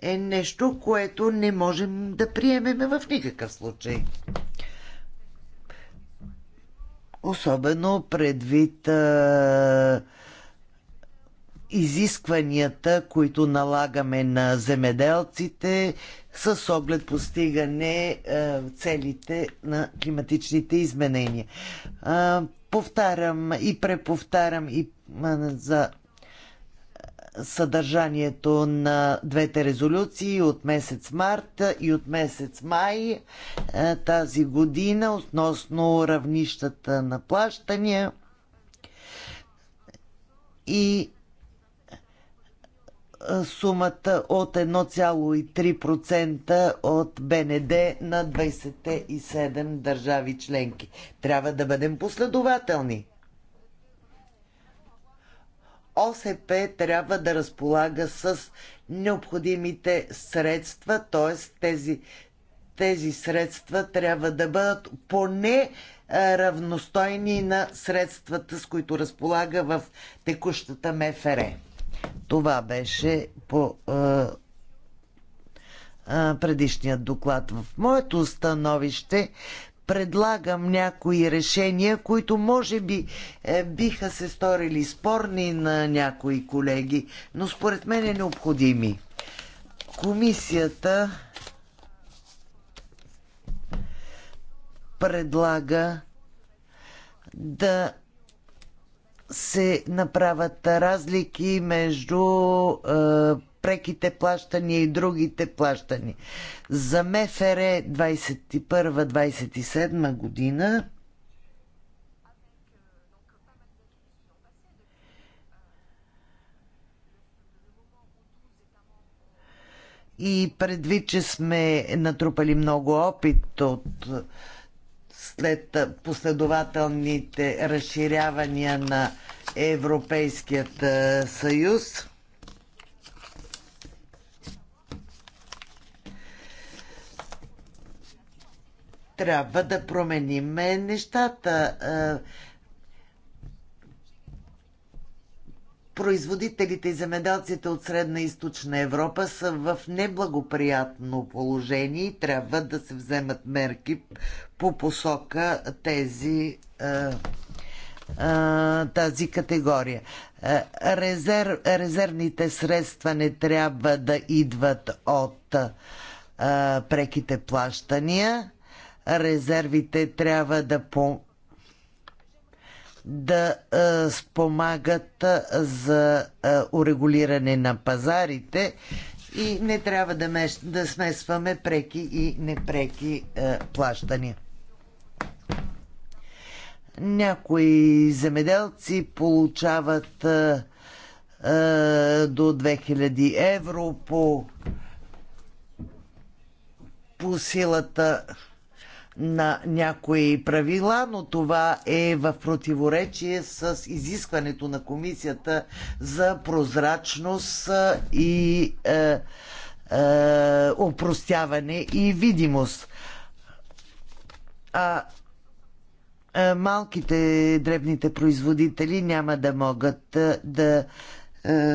S1: е нещо, което не можем да приемем в никакъв случай. Особено предвид а, изискванията, които налагаме на земеделците с оглед постигане е, целите на климатичните изменения. Е, повтарям и преповтарям и е, за съдържанието на двете резолюции от месец март и от месец май тази година относно равнищата на плащания и сумата от 1,3% от БНД на 27 държави членки. Трябва да бъдем последователни. ОСП трябва да разполага с необходимите средства, т.е. Тези, тези средства трябва да бъдат поне е, равностойни на средствата, с които разполага в текущата МФР. Това беше по а, е, а, е, предишният доклад. В моето становище предлагам някои решения, които може би е, биха се сторили спорни на някои колеги, но според мен е необходими. Комисията предлага да се направят разлики между е, преките плащания и другите плащания. За МФР 21-27 е година и предвид, че сме натрупали много опит от след последователните разширявания на Европейският съюз. Трябва да променим нещата. производителите и земеделците от Средна и Източна Европа са в неблагоприятно положение и трябва да се вземат мерки по посока тези, тази категория. Резерв, резервните средства не трябва да идват от преките плащания. Резервите трябва да по да а, е, спомагат а, е, за а, е, урегулиране на пазарите и не трябва да, меш, да смесваме преки и непреки а, плащания. Някои земеделци получават а, а, до 2000 евро по, по силата на някои правила, но това е в противоречие с изискването на комисията за прозрачност и е, е, упростяване и видимост. А е, малките дребните производители няма да могат е, да е,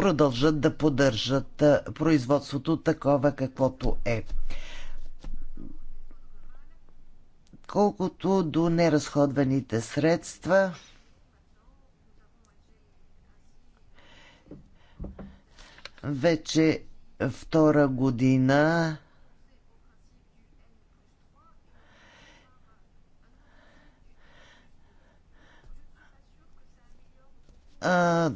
S1: продължат да поддържат производството такова каквото е. Колкото до неразходваните средства, вече втора година а,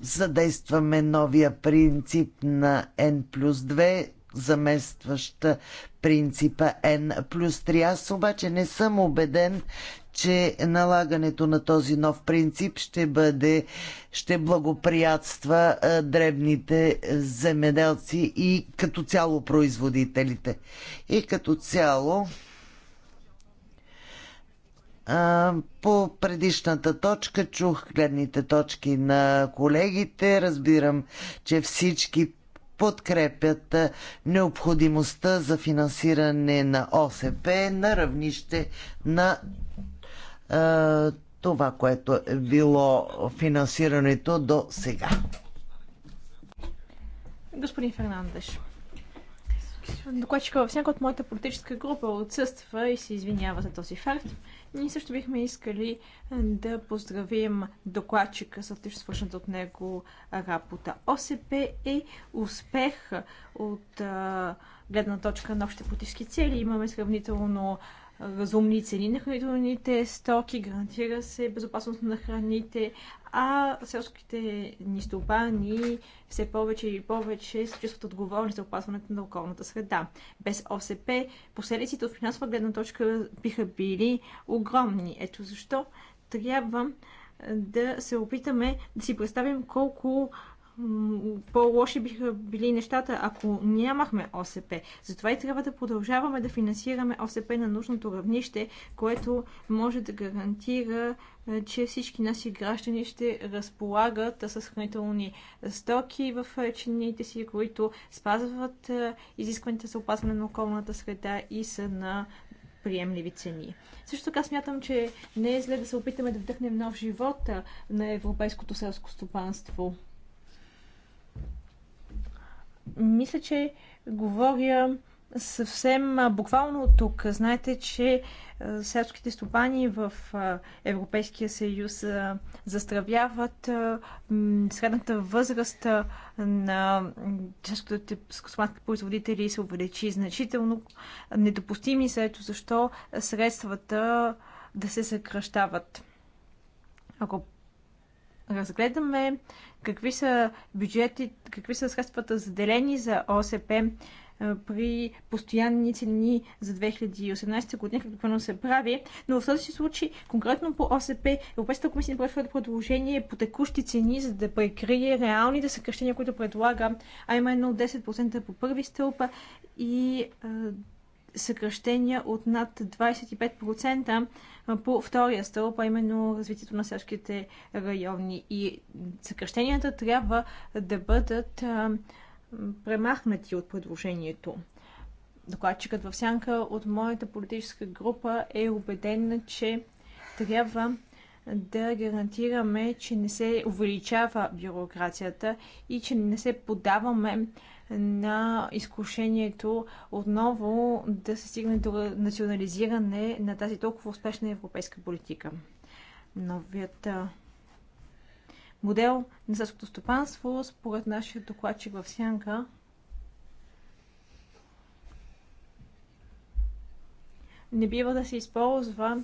S1: задействаме новия принцип на N плюс 2, заместваща принципа N плюс 3. Аз обаче не съм убеден, че налагането на този нов принцип ще бъде, ще благоприятства е, дребните е, земеделци и като цяло производителите. И като цяло по предишната точка чух гледните точки на колегите. Разбирам, че всички подкрепят необходимостта за финансиране на ОСП на равнище на а, това, което е било финансирането до сега.
S3: Господин Фернандеш, докладчика във всяка от моята политическа група отсъства и се извинява за този факт. Ние също бихме искали да поздравим докладчика за отлично свършната от него работа. ОСП е успех от а, гледна точка на общите политически цели. Имаме сравнително разумни цени на хранителните стоки, гарантира се безопасност на храните, а селските ни стопани все повече и повече се чувстват отговорни за опазването на околната среда. Без ОСП последиците от финансова гледна точка биха били огромни. Ето защо трябва да се опитаме да си представим колко по-лоши биха били нещата, ако нямахме ОСП. Затова и трябва да продължаваме да финансираме ОСП на нужното равнище, което може да гарантира, е, че всички наши граждани ще разполагат с хранителни стоки в е, чините си, които спазват е, изискванията за опазване на околната среда и са на приемливи цени. Също така смятам, че не е зле да се опитаме да вдъхнем нов живот на европейското селско стопанство мисля, че говоря съвсем буквално от тук. Знаете, че селските стопани в Европейския съюз застравяват средната възраст на чешките скосматски производители се увеличи значително. Недопустими са ето защо средствата да се съкръщават. Ако разгледаме какви са бюджети, какви са средствата заделени за ОСП е, при постоянни цени за 2018 година, какво се прави. Но в този случай, конкретно по ОСП, Европейската комисия прави предложение по текущи цени, за да прикрие реалните съкрещения, които предлага, а именно 10% по първи стълпа и е, съкръщения от над 25% по втория стълб, а именно развитието на селските райони. И съкръщенията трябва да бъдат премахнати от предложението. Докладчикът в сянка от моята политическа група е убеден, че трябва да гарантираме, че не се увеличава бюрокрацията и че не се подаваме на изкушението отново да се стигне до национализиране на тази толкова успешна европейска политика. Новият модел на селското стопанство, според нашия докладчик в Сянка, не бива да се използва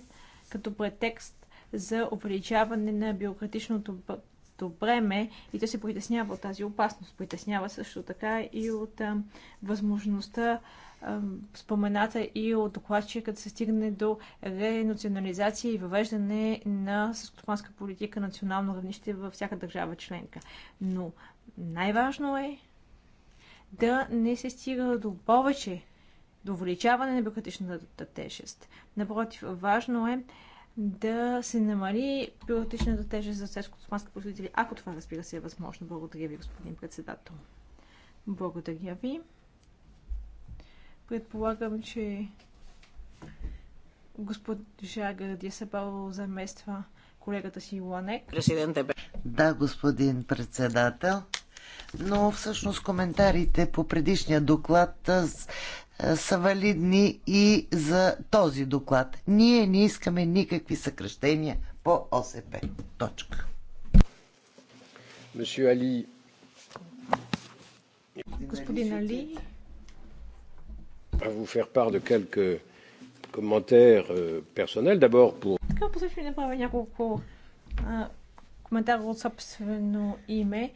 S3: като претекст за увеличаване на бюрократичното време и то се притеснява от тази опасност. Притеснява също така и от а, възможността а, спомената и от докладчика да се стигне до ренационализация и въвеждане на съскотопанска политика национално равнище във всяка държава членка. Но най-важно е да не се стига до повече до увеличаване на бюрократичната тежест. Напротив, важно е да се намали пилотичната тежест за селско-стопански производители, ако това разбира се е възможно. Благодаря ви, господин председател. Благодаря ви. Предполагам, че госпожа Гърдия Сабалова замества колегата си Ланек.
S1: Да, господин председател но всъщност коментарите по предишния доклад е, са валидни и за този доклад. Ние не искаме никакви съкръщения
S2: по ОСП. Точка. Али.
S3: Господин Али.
S2: А vous faire part de quelques commentaires euh, personnels. D'abord pour.
S3: Какво после ще направя няколко коментара от собствено име.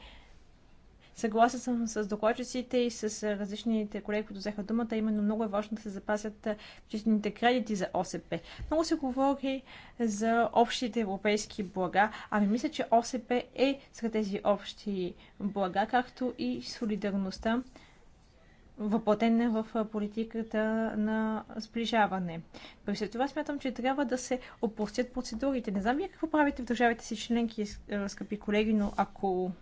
S3: Съгласен съм с докладчиците и с различните колеги, които взеха думата. Именно много е важно да се запасят чистените кредити за ОСП. Много се говори за общите европейски блага. Ами мисля, че ОСП е сред тези общи блага, както и солидарността въплатена в политиката на сближаване. При след това смятам, че трябва да се опростят процедурите. Не знам вие какво правите в държавите си членки, скъпи колеги, но ако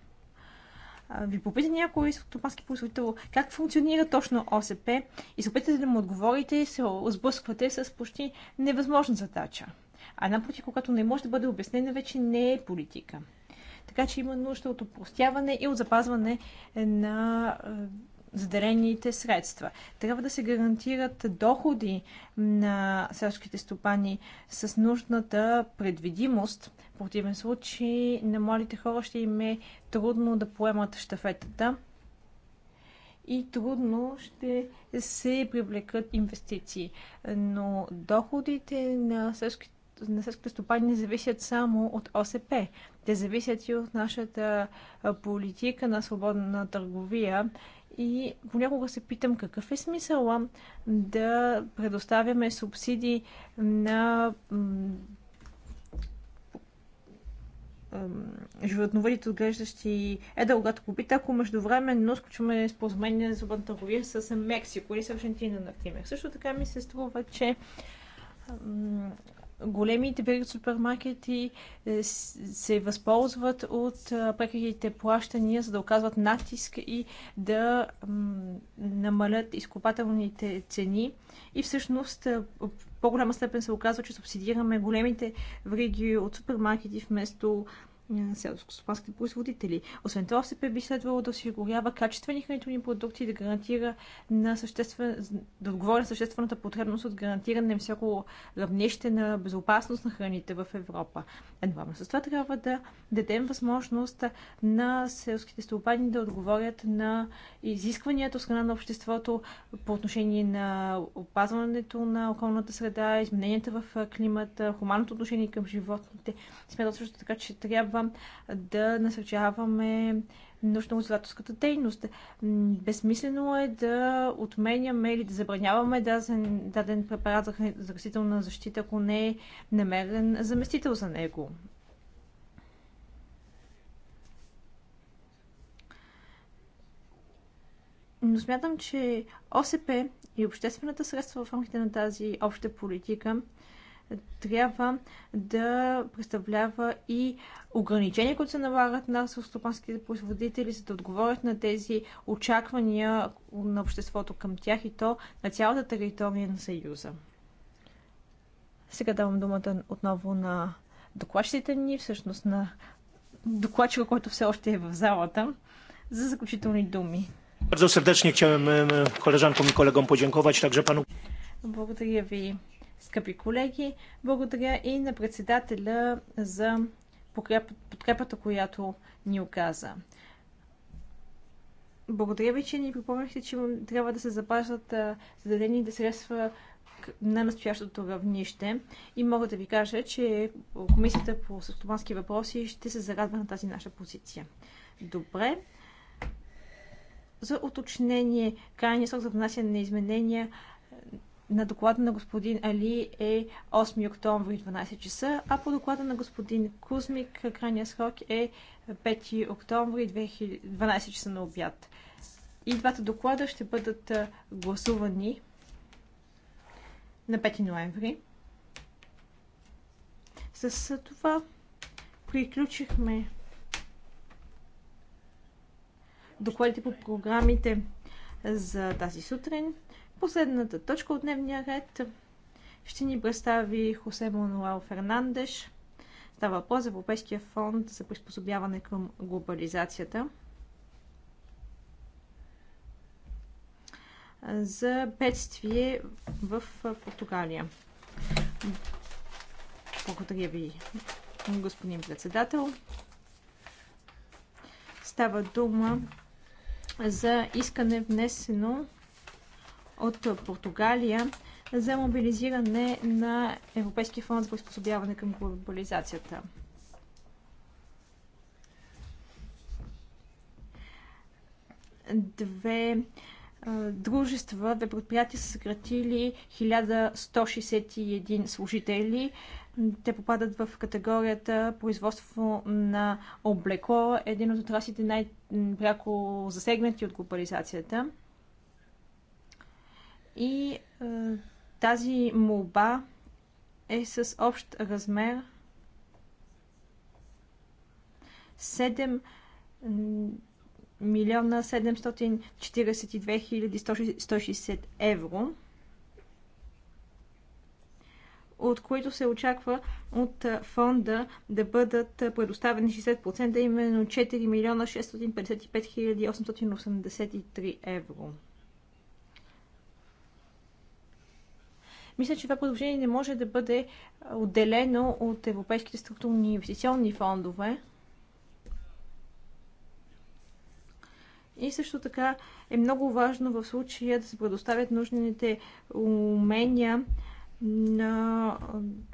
S3: ви попита някой стопански производител как функционира точно ОСП и се опитате да му отговорите, се сблъсквате с почти невъзможна задача. А напротив, когато не може да бъде обяснена, вече не е политика. Така че има нужда от опростяване и от запазване на заделените средства. Трябва да се гарантират доходи на селските стопани с нужната предвидимост. В противен случай на младите хора ще им е трудно да поемат щафетата и трудно ще се привлекат инвестиции. Но доходите на селските на селските стопани не зависят само от ОСП. Те зависят и от нашата политика на свободна търговия и понякога се питам какъв е смисъла да предоставяме субсидии на животновъдите, отглеждащи е дългата попита, ако междувременно сключваме споразумение за свободна с Мексико или с Аржентина, например. Също така ми се струва, че големите вериги супермаркети е, се възползват от е, преките плащания, за да оказват натиск и да намалят изкупателните цени. И всъщност е, в по-голяма степен се оказва, че субсидираме големите вериги от супермаркети вместо селскостопанските производители. Освен това, ОСП би следвало да осигурява качествени хранителни продукти, да гарантира на съществен, да отговори на съществената потребност от гарантиране на всяко равнище на безопасност на храните в Европа. Едновременно с това трябва да дадем възможност на селските стопани да отговорят на изискванията от страна на обществото по отношение на опазването на околната среда, измененията в климата, хуманното отношение към животните. Смятам също така, че трябва трябва да насърчаваме научно-изследователската дейност. Безсмислено е да отменяме или да забраняваме даден, даден препарат за растителна защита, ако не е намерен заместител за него. Но смятам, че ОСП и обществената средства в рамките на тази обща политика трябва да представлява и ограничения, които се налагат на селстопанските производители, за да отговорят на тези очаквания на обществото към тях и то на цялата територия на Съюза. Сега давам думата отново на докладчите ни, всъщност на докладчика, който все още е в залата, за заключителни думи.
S1: Bardzo serdecznie chciałem koleżankom i kolegom podziękować, także panu.
S3: Благодаря ви, Скъпи колеги, благодаря и на председателя за подкрепата, която ни оказа. Благодаря ви, че ни припомнихте, че трябва да се запазват зададени да средства на настоящото равнище. И мога да ви кажа, че Комисията по стопански въпроси ще се зарадва на тази наша позиция. Добре. За уточнение, крайният срок за внасяне на изменения на доклада на господин Али е 8 октомври 12 часа, а по доклада на господин Кузмик крайния срок е 5 октомври 12 часа на обяд. И двата доклада ще бъдат гласувани на 5 ноември. С това приключихме докладите по програмите за тази сутрин. Последната точка от дневния ред ще ни представи Хосе Мануел Фернандеш. Става въпрос за Европейския фонд за приспособяване към глобализацията. за бедствие в Португалия. Благодаря ви, господин председател. Става дума за искане внесено от Португалия за мобилизиране на Европейския фонд за приспособяване към глобализацията. Две дружества, две предприятия са съкратили 1161 служители. Те попадат в категорията производство на облекло, един от отраслите най-пряко засегнати от глобализацията. И е, тази молба е с общ размер 7 милиона 742 хиляди 160 евро, от които се очаква от е, фонда да бъдат е, предоставени 60%, именно 4 милиона 655 хиляди 883 евро. Мисля, че това предложение не може да бъде отделено от европейските структурни инвестиционни фондове. И също така е много важно в случая да се предоставят нужните умения на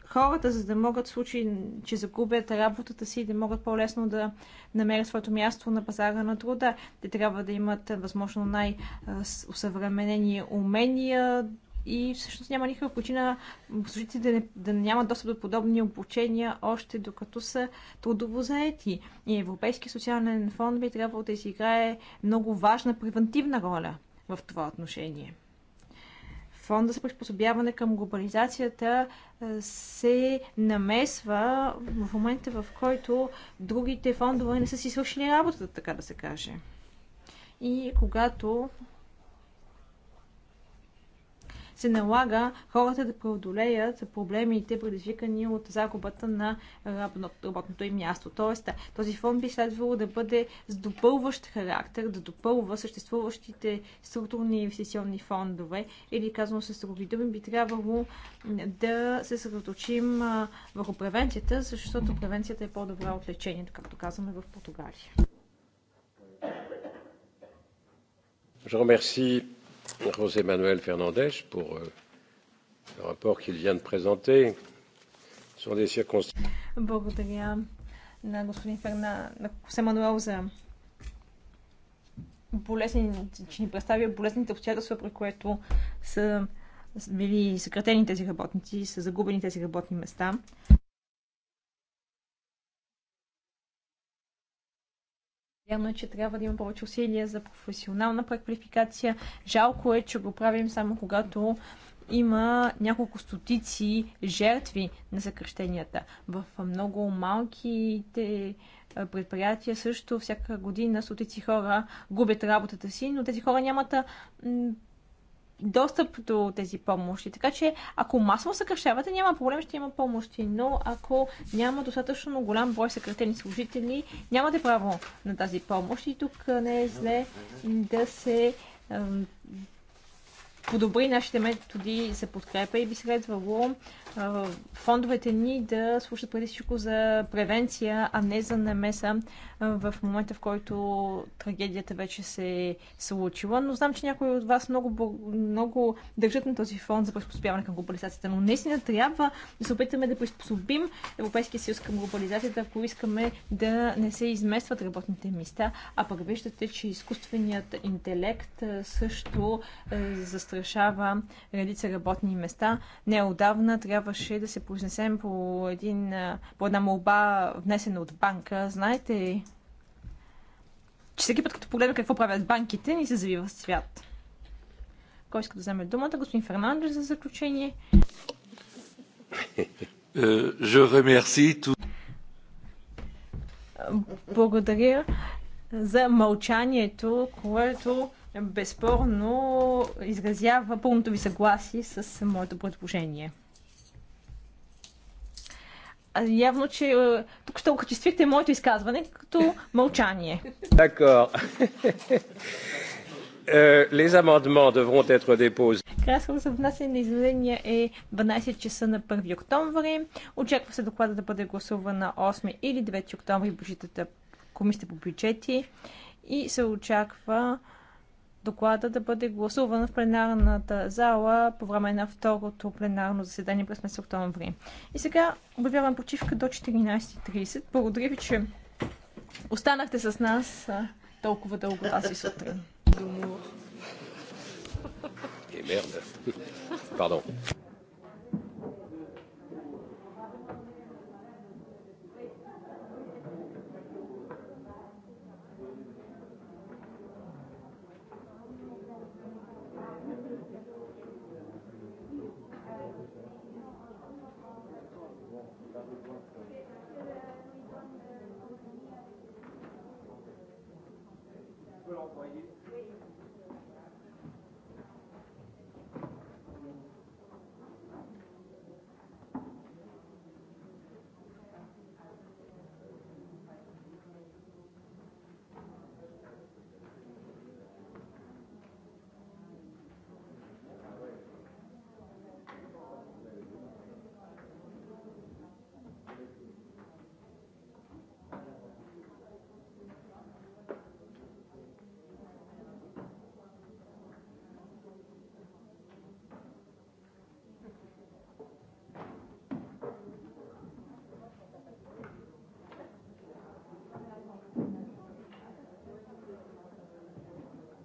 S3: хората, за да могат в случай, че загубят работата си, да могат по-лесно да намерят своето място на пазара на труда. Те трябва да имат възможно най-усъвременени умения, и всъщност няма никаква причина служителите да, не, да нямат достъп до подобни обучения, още докато са трудово заети. И Европейски социален фонд би трябвало да изиграе много важна превентивна роля в това отношение. Фонда за приспособяване към глобализацията се намесва в момента, в който другите фондове не са си свършили работата, така да се каже. И когато се налага хората да преодолеят проблемите, предизвикани от загубата на работното им място. Тоест, този фонд би следвало да бъде с допълващ характер, да допълва съществуващите структурни инвестиционни фондове или казано с други думи, би трябвало да се съсредоточим върху превенцията, защото превенцията е по-добра от лечението, както казваме в Португалия.
S2: Je remercie José Manuel Fernandez pour euh, le rapport qu'il vient de présenter sur des circonstances.
S3: Благодаря на господин Ферна, на Хосе Мануел за болезни, че ни представя болезните обстоятелства, при което са били съкратени тези работници, са загубени тези работни места. Вярно е, че трябва да има повече усилия за професионална преквалификация. Жалко е, че го правим само когато има няколко стотици жертви на съкрещенията. В много малките предприятия също всяка година стотици хора губят работата си, но тези хора нямат достъп до тези помощи. Така че, ако масово съкръщавате, няма проблем, ще има помощи, но ако няма достатъчно голям брой съкратени служители, нямате право на тази помощ и тук не е зле да се подобри нашите методи за подкрепа и би следвало фондовете ни да слушат преди всичко за превенция, а не за намеса в момента, в който трагедията вече се е случила. Но знам, че някои от вас много, много държат на този фонд за приспособяване към глобализацията. Но наистина трябва да се опитаме да приспособим Европейския съюз към глобализацията, ако искаме да не се изместват работните места. А пък виждате, че изкуственият интелект също застрашава редица работни места. Неодавна трябваше да се произнесем по, един, по една молба, внесена от банка. Знаете, че всеки път, като погледна какво правят банките, ни се завива свят. Кой иска да вземе думата? Господин Фернандо за заключение. Е, Благодаря за мълчанието, което безспорно изразява пълното ви съгласие с моето предложение явно, че тук ще окачествихте моето изказване като мълчание.
S2: D'accord. Euh, les amendements devront être déposés.
S3: Красно за внасяне на изменения е 12 часа на 1 октомври. Очаква се доклада да бъде гласуван на 8 или 9 октомври в Комисията по бюджети и се очаква доклада да бъде гласуван в пленарната зала по време на второто пленарно заседание през месец октомври. И сега обявявам почивка до 14.30. Благодаря ви, че останахте с нас толкова дълго тази сутрин.
S2: Et merde. Pardon.